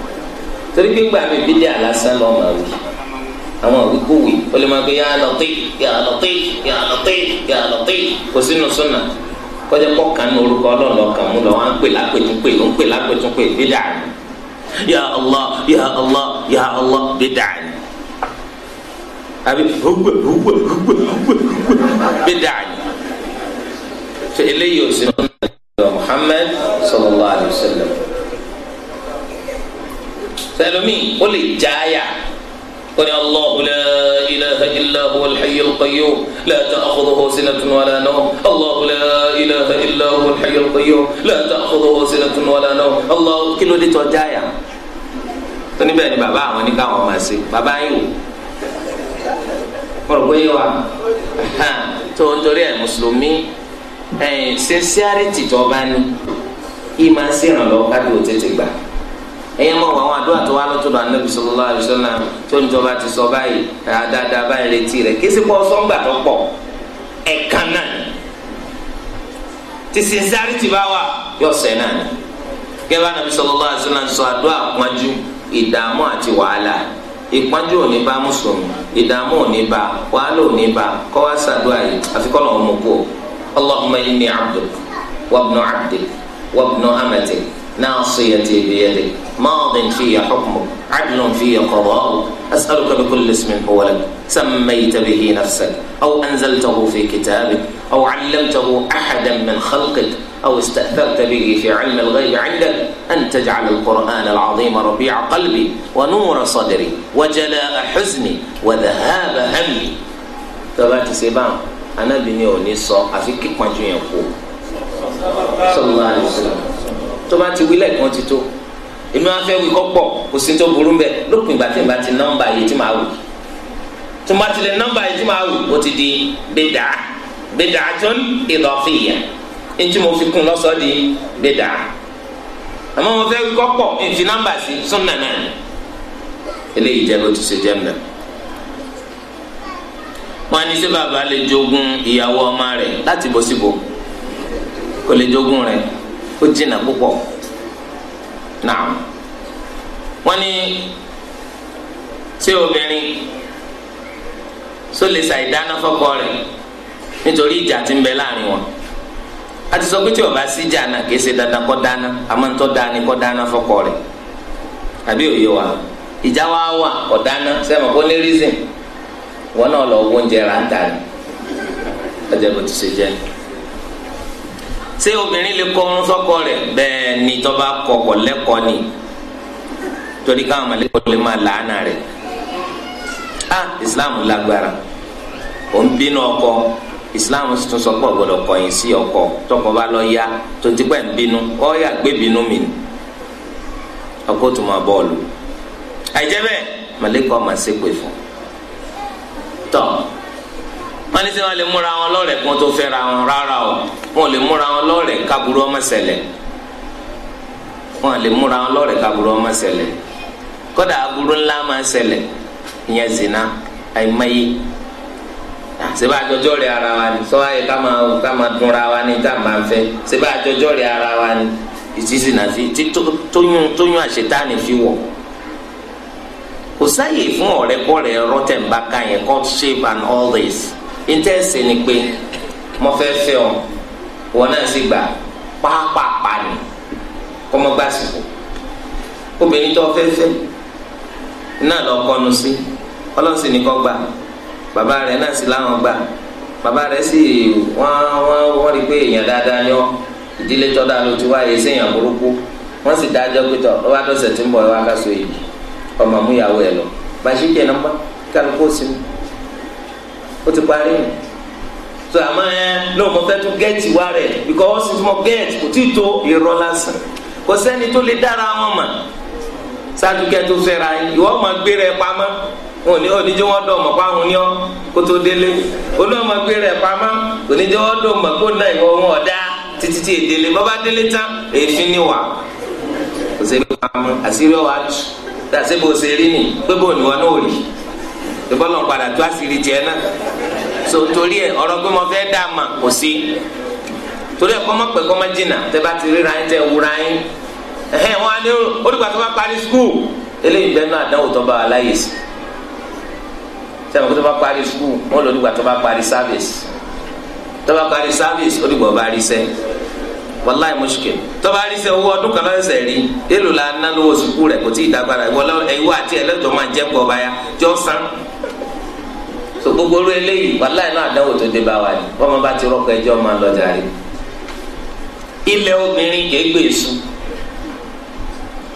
[SPEAKER 1] torí pé ńgbà mi bídí àlásán lọ máa wí àwọn àwíkúwì ó lè máa gbé yà Latif yà Latif yà Latif yà Latif kò sínú súnà kọjá kọ́ kanu orúkọ ọlọ́ọ̀lọ́ kan mú lọ wọn á pè lápẹ̀túnpè ó ń pè lápẹ̀túnpè bídí àná yà Allah yà Allah yà Allah bídí àná àbí rúgbẹ rúgbẹ rúgbẹ rúgbẹ bídí àná so eléyìí ò sínú Muhammad sallallahu alayhi wa sallam sẹlẹmi ó lè jáyà ó ní Allahu la ilaha illa huwa al-hayyul qayyum la ta'khudhuhu sinatun wa la nawm Allahu la ilaha illa huwa al-hayyul qayyum la ta'khudhuhu sinatun wa la nawm Allahu kí ló dé tó jáyà tó ni bàbá àwọn ní káwọn máa ṣe bàbá yìí wò kọ̀rọ̀ pé wa tó ń torí ẹ̀ mùsùlùmí ẹ̀ sincerity tó bá ní ìmọ̀ sí ìrànlọ́wọ́ kájú òtítì gbà. ẹyẹ mọ àwọn àdúrà tó wà lọ́tọ̀dọ̀ anabi sallallahu alaihi tó ń jọba ti sọ báyìí dáadáa báyìí retí rẹ kí sípò sọgbà tó náà ti sinsari ti bá wa yóò sẹ náà ni gẹ́gẹ́ anabi sallallahu alaihi sọ àdúrà àpọ́njú ìdààmú àti wàhálà ìpọ́njú ò bá mùsùlùmí ìdààmú ò bá wàhálà bá sàdúrà yìí lọ́wọ́ ماض في حكمك عدل في قضاؤك أسألك بكل اسم هو لك سميت به نفسك أو أنزلته في كتابك أو علمته أحدا من خلقك أو استأثرت به في علم الغيب عندك أن تجعل القرآن العظيم ربيع قلبي ونور صدري وجلاء حزني وذهاب همي تبات سيبان أنا بني ونسى أفكي كنت ينقو صلى الله عليه وسلم تبات ولك وانت تو èmi máa fẹ́ wí kọ́ pọ̀ kò sí tó burú bẹ́ẹ̀ lópin ìgbà tí n bá ti nọ́mbà yìí tí màá wù tí n ti lè nọ́mbà yìí tí màá wù ó ti di bẹ́dà bẹ́dà tó ń ìdọ̀fìyà ntí mo fi kún lọ́sọ̀ọ́ di bẹ́dà àmọ́ mo fẹ́ wí kọ́ pọ̀ nfi nọ́mbà sí súnà náà eléyìí jẹ́ bó ṣe jẹ́ mìíràn wọ́n á ní sí bàbá lè jogún ìyàwó ọmọ rẹ̀ láti bọ́ síbò kò lè jogún rẹ̀ ó jìnnà púpọ̀ náà wọ́n ní ṣé obìnrin sólè ṣàìdáná fọ́kọ rẹ̀ nítorí ìjà tí ń bẹ láàrin wọn a ti sọ pé tí ó bá sí ìjà náà kì í ṣe dandan kó dáná àmọ́ ń tọ́ dání kó dáná fọ́kọ rẹ̀ àbí òye wa ìjà wa wà ọ̀dáná sẹ́mi kó ní rízìn wọn náà lọ wọ́n jẹ ráńtà ni ọjọ́ bó ti ṣe jẹ́ ni se obìnrin lè kọ orun sọ́kọ rẹ̀ bẹ́ẹ̀ ni tọ́ba kọkọ lẹ́kọ̀ọ́ ni torí káwọn mọ̀lẹ́kọ̀ lè máa làánà rẹ̀ a islam lágbára ò ń bínú ọkọ islam tún sọ pé ọ̀gbọ́dọ̀ kọ̀yìn sí ọkọ tọkọ bá lọ ya tó ti pẹ́ ń bínú ọ yà gbé bínú mi ọkọ tó máa bọ́ọ̀lù àìjẹ́ bẹ́ẹ̀ mọ̀lẹ́kọ̀ máa ṣépè fún tọ́ wọn ní sẹ wọn lè múra wọn lọ́rẹ̀ kí tó fẹ́ra wọn rárá o wọn lè múra wọn lọ́rẹ̀ kaburú ọmọ ṣẹlẹ̀ wọn lè múra wọn lọ́rẹ̀ kaburú ọmọ ṣẹlẹ̀ kódà aburú ńlá máa ṣẹlẹ̀ ìyẹn zina àìmọye sebe àjọjọ rẹ ara wa ni sọ ayé ká máa dunra wa ni tá máa fẹ́ sebe àjọjọ rẹ ara wa ni ìtìsí náà fi ti tóyún tóyún àṣetáni fi wọ kò sáyè fún ọ̀rẹ́kọ̀rẹ́ rọ́tẹ̀ ń bá yẹn cut shape and all this. ntẹ́ ṣe ni pé mo fẹ́ fẹ́ ọ wọn náà sì gbà pápápá ni kọ́mọ́gbàsíkò obìnrin tó fẹ́ fẹ́ náà lọ kọnu sí ọlọ́sìn ni kọ́ gbà bàbá rẹ náà sì láwọn gbà bàbá rẹ̀ sì rí pé èèyàn dáadáa ni wọn ìdílé ti wáyé sì dájọ́ pé tọ́ bọ̀ ọmọ àmúyàwó ẹ ó ti parí nù so àmọ́ ẹ náà mo fẹ́ tún gẹ́ẹ̀tì wá rẹ̀ because tí mo gẹ́ẹ̀tì kò tí ì tó irọ́ lásán kò sẹ́ni tó lè dára wọn mọ̀ ṣáájú kẹ́ tó fẹ́ra ìwọ máa gbé rẹ pamọ́ wọn ò ní oníjó wọn dọ̀ mọ̀ páhùn ní ọ kó tó délé olóò máa gbé rẹ pamọ́ oníjó wọn dọ̀ mọ̀ kó náà ìwọ wọn ọ̀dá títí tí èdèlé bọ́bá délé tán èéfín ni wà kò sẹ́ni pamọ́ àṣírí ọ̀ wá tù àṣírí bó ṣe rí nì pé bó ni wọn náà rí ìbọlọ ń padà tó àṣírí tiẹ̀ náà so torí ẹ ọ̀rọ̀ pé mo fẹ́ dá a mà kò sí torí ẹ kọ́mọ pẹ̀ kọ́mọ jìnnà tẹ́ bá ti ríra yín tẹ́ wúra yín ẹ̀hẹ́n wọn á ní olùgbà tó bá parí skul eléyìí bẹ́ẹ̀ náà àdánwò tó bá wà láyè sí sẹ́wọ̀n kó tó bá parí skul wọn lò olùgbà tó bá parí sáfìsì tó bá parí sáfìsì olùgbà ọba rí sẹ́ wàláì mùṣkíl tó bá rí sẹ́ owó ọdún kan lọ́sẹ̀ rí èlò la ná lówó sukuu rẹ̀ kò tí ì dágbára ìwọ so gbogbo orí eléyìí wàhálà iná àdánwò tó dé bá wa ni wọn bá ti rọpò ẹjọ máa lọ jàre ilẹ̀ obìnrin kìí gbé èso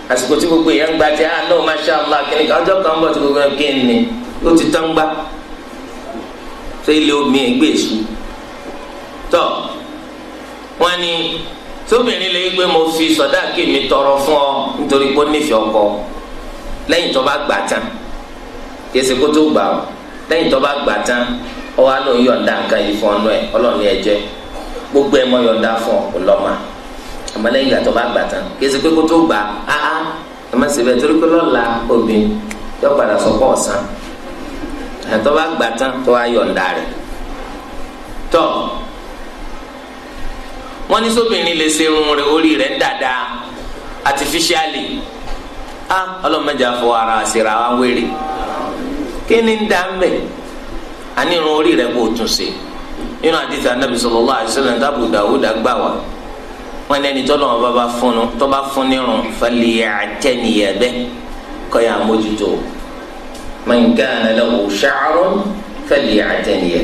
[SPEAKER 1] àsìkò tí gbogbo èèyàn gba ti ah no masha allah kìnìkà ọjọ́ kan bọ̀ tí gbogbo èèyàn kí ni ó ti tán gbá so ilẹ̀ obìnrin gbé èso tọ wọn ni tóbìnrin lè gbé mo fi sọdá kèmí tọrọ fún ọ nítorí pé ó nífẹ̀ẹ́ ọkọ lẹ́yìn tó bá gbà tán kí ẹsẹ̀ kó tó gbà ọ́. lẹ́yìn tó bá gbà tán ọwọ́ àlọ́ yọ̀ǹda nǹkan yìí fún ọ̀nà ẹ̀ ọlọ́run ní ẹ̀jẹ̀ gbogbo ẹ̀ mọ́ yọ̀ǹda fún ọ lọ́mà àmọ́ lẹ́yìn ìgbà tó bá gbà tán kéésì pé kó tó gbà áá ẹ má ṣèbẹ̀ torí pé lọ́la obìnrin yọ padà sọ pọ̀ ọ̀sán àtọ́ bá gbà tán tó wá yọ̀ǹda rẹ̀ tọ́ wọ́n ní sóbìnrin lè ṣe irun rẹ̀ orí rẹ̀ ń dáadáa artificially ah ọlọ́mọdé àfọwọ́ ara ṣèrà wá wéré kí ni ń da mbẹ àní irun orí rẹ kò tún ṣe nínú àdìsí anabi sallallahu alaihi wasallam tábù dàwúdà gbà wá wọn ní ẹni tọ́lọ́ wọn bá bá fún un tó bá fún nírun falya'taniya bihi kọ́ ya mójútó man kana lahu sha'run falya'taniya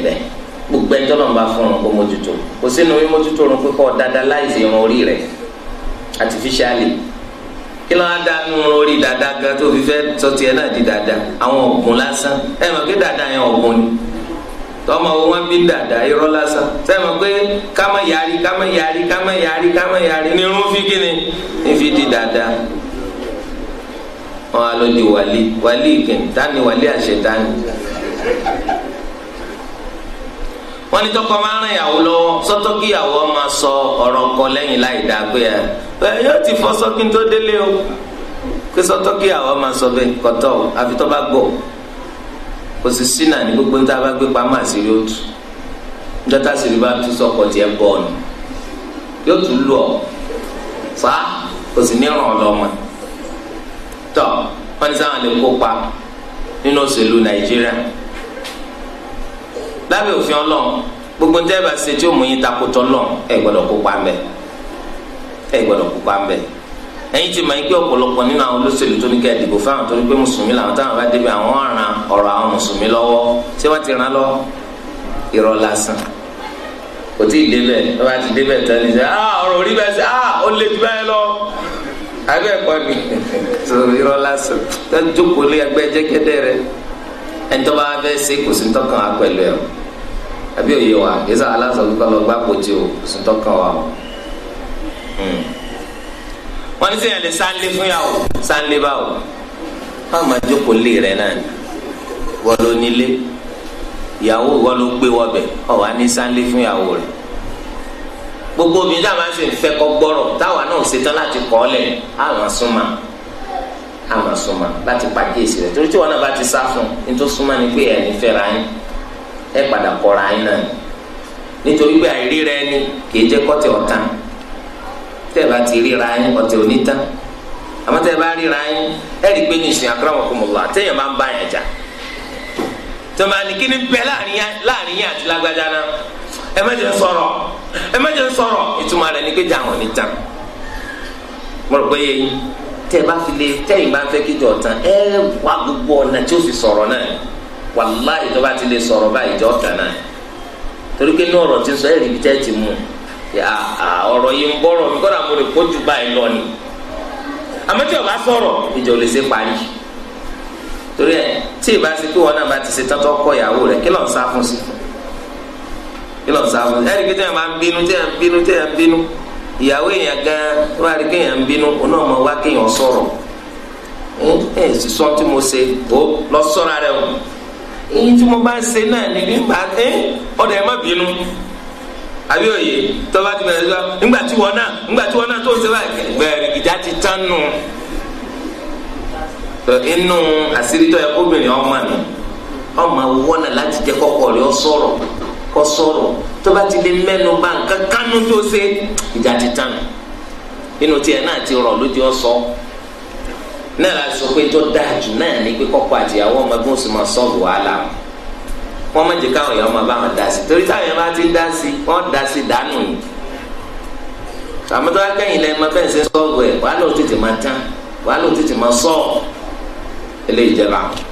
[SPEAKER 1] gbogbo ẹni tọ́lọ́ wọn bá fún kó mójútó kò sínú mímójútó òun pé kọ́ dáadáa láì sí irun orí rẹ artificially kí ló ń dánú orí dada gan tó fi fẹ́ sọtì ẹ náà di dada àwọn oògùn lásán ẹ mọ̀ pé dada yẹn oògùn ni tọmọ wo wọn bí dada irọ́ lásán ṣe mọ̀ pé kámá yarí kámá yarí kámá yarí kámá yarí ní irun fi kí ni ní fi di dada wọn á lọ di wàlí wàlí kẹ tani wàlí àṣẹ tani wọn ní tọkọ máa ń ràn ìyàwó lọ́wọ́ sọ́tọ̀ kí ìyàwó máa sọ ọ̀rọ̀ ọkọ lẹ́yìn láì dáa pé ẹ yóò ti fọ sọkí tó délé o pé sọ́tọ̀ kí ìyàwó máa sọ bẹ́ẹ̀ kọtọ o àfi tó bá gbọ́ kò sì sínà ní gbogbo níta bá gbé pamọ́ àṣírí ó tu jọta sì rí bá tu sọkọ tiẹ̀ bọ ọ nù yóò tún lù ọ fa kò sì ní ràn ọ lọmọ tọ wọn ní sáwọn lè kópa nínú òṣèlú Nàìjíríà lábẹ́ òfin Ọlọ́run gbogbo ń tẹ́lẹ̀ bá ṣe tí ó mú yín takotọ́ lọ́n ẹ gbọ́dọ̀ kópa ń bẹ̀ ẹ gbọ́dọ̀ kópa ń bẹ̀ ẹ̀yin ti mọ̀ yín pé ọ̀pọ̀lọpọ̀ nínú àwọn olóṣèlú tó ní ká ìdìbò fáwọn torí pé mùsùlùmí làwọn táwọn bá débi àwọn ọ̀ràn ọ̀rọ̀ àwọn mùsùlùmí lọ́wọ́ ṣé wọ́n ti ràn lọ irọ́ lásán kò tí ì débẹ̀ ẹ bá ti débẹ̀ tán ní sẹ́ ah ọ̀rọ̀ orí bẹ́ẹ̀ sẹ́ ah ó lè ju bẹ́ẹ̀ lọ abẹ́ ẹ̀kọ́ mi tó irọ́ lásán tó ń jókòó lé ẹgbẹ́ jẹ́gẹ́dẹ́ rẹ ẹni tó bá fẹ́ ṣe kò sí tọkàn á pẹ̀lú ẹ̀ o àbí òye wa yíṣà aláṣọ kíkọ́ lọ gbá pòtì o sùtọ́ kan wa o. Hmm. wọ́n ní sèyàn lè sáńlé fún yà o sáńlé bá o báwo máa jókòó lé rẹ náà ni wọ́n ló nílé ìyàwó wọ́n ló gbé wọ́bẹ̀ ọ̀ wá ní sáńlé fún ìyàwó rẹ̀ gbogbo obìnrin táwọn máa ń fi fẹ́ kọ́ gbọ́rọ̀ táwa náà ṣetán láti kọ́ ọ lẹ̀ àwọn súnmọ́ àwọn súnmọ́ láti pàkíyèsí rẹ̀ torí tí wọn náà bá ti sá fún un ní tó ẹ padà kọra yín náà nítorí pé àìrí rẹ ni kìí jẹ́ kọ́tẹ̀ ọ̀tàn tẹ́ ẹ bá ti ríra yín ọ̀tẹ̀ onítàn àmọ́ tẹ́ ẹ bá ríra yín ẹ rí i pé ní ìsìn akramakumullah àtẹ̀yìn máa ń bá yàn jà tọ́mọ àníkí ni bẹ́ẹ̀ láàrin yín àti lágbájá náà ẹ má jẹ́ ń sọ̀rọ̀ ẹ má jẹ́ ń sọ̀rọ̀ ìtumọ̀ rẹ̀ ni pé jà wọ́n nítàn mo rò pé yẹ yín bá fi lè tẹ́yìn bá fẹ́ kíjọ ọ̀tàn ẹ wá gbogbo ọ̀nà tí ó fi sọ̀rọ̀ náà wàláhì tó bá ti lè sọ̀rọ̀ báyìí jọ ọ̀tà náà torí pé ní ọ̀rọ̀ ti sọ ẹ̀rí bíi tẹ́tì mu ọ̀rọ̀ yìí ń bọ̀rọ̀ mi kọ́ra mo lè kójú báyìí lọ ni àmọ́ tí o bá sọ̀rọ̀ ìjọ lè ṣe parí torí ẹ tí ìbá ti pé wọn náà bá ti ṣe tọ́tọ́ kọ ìyàwó rẹ kí lọ́n sá fún sí kí lọ́n sá fún sí ẹ̀rí pé tẹ́yàn máa ń bínú tẹ́yàn ń bínú tẹ́yàn ń bínú ìyàwó èèyàn gan tó bá rí kéèyàn ń bínú òun náà mọ wá kéèyàn sọ̀rọ̀ ẹ ẹ sì sọ tí mo ṣe ó lọ sọ́ra rẹ o yín tí mo bá ń náà ní nígbà ẹ ọ̀dà ẹ má bínú àbí òye tọ́ba ti bẹ̀rẹ̀ sọ nígbà tí wọn náà nígbà tí wọn náà tó ń ṣe báyìí bẹ̀rẹ̀ ìjà ti tán nù inú yẹ ọmọ mi ọmọ láti jẹ kọkọ rẹ ti lè nǹkan kánú tó ṣe ìjà náà náà la sọ pé tó dáa jù náà ní pé kọ́kọ́ àtìyàwó ọmọ ẹgbẹ́ oṣù máa sọ̀rọ̀ wàhálà wọn wọ́n má jẹ́ káwọn èèyàn máa bá wọn dá sí torí táwọn èèyàn bá ti dá sí wọ́n dá sí dànù ni àmọ́ tó bá kẹ́yìn lẹ́yìn máa bẹ́ẹ̀ ṣe sọ̀rọ̀ ẹ̀ wàhálà ó tètè máa tán wàhálà ó tètè máa sọ̀rọ̀ eléyìí jẹ́ báwọn.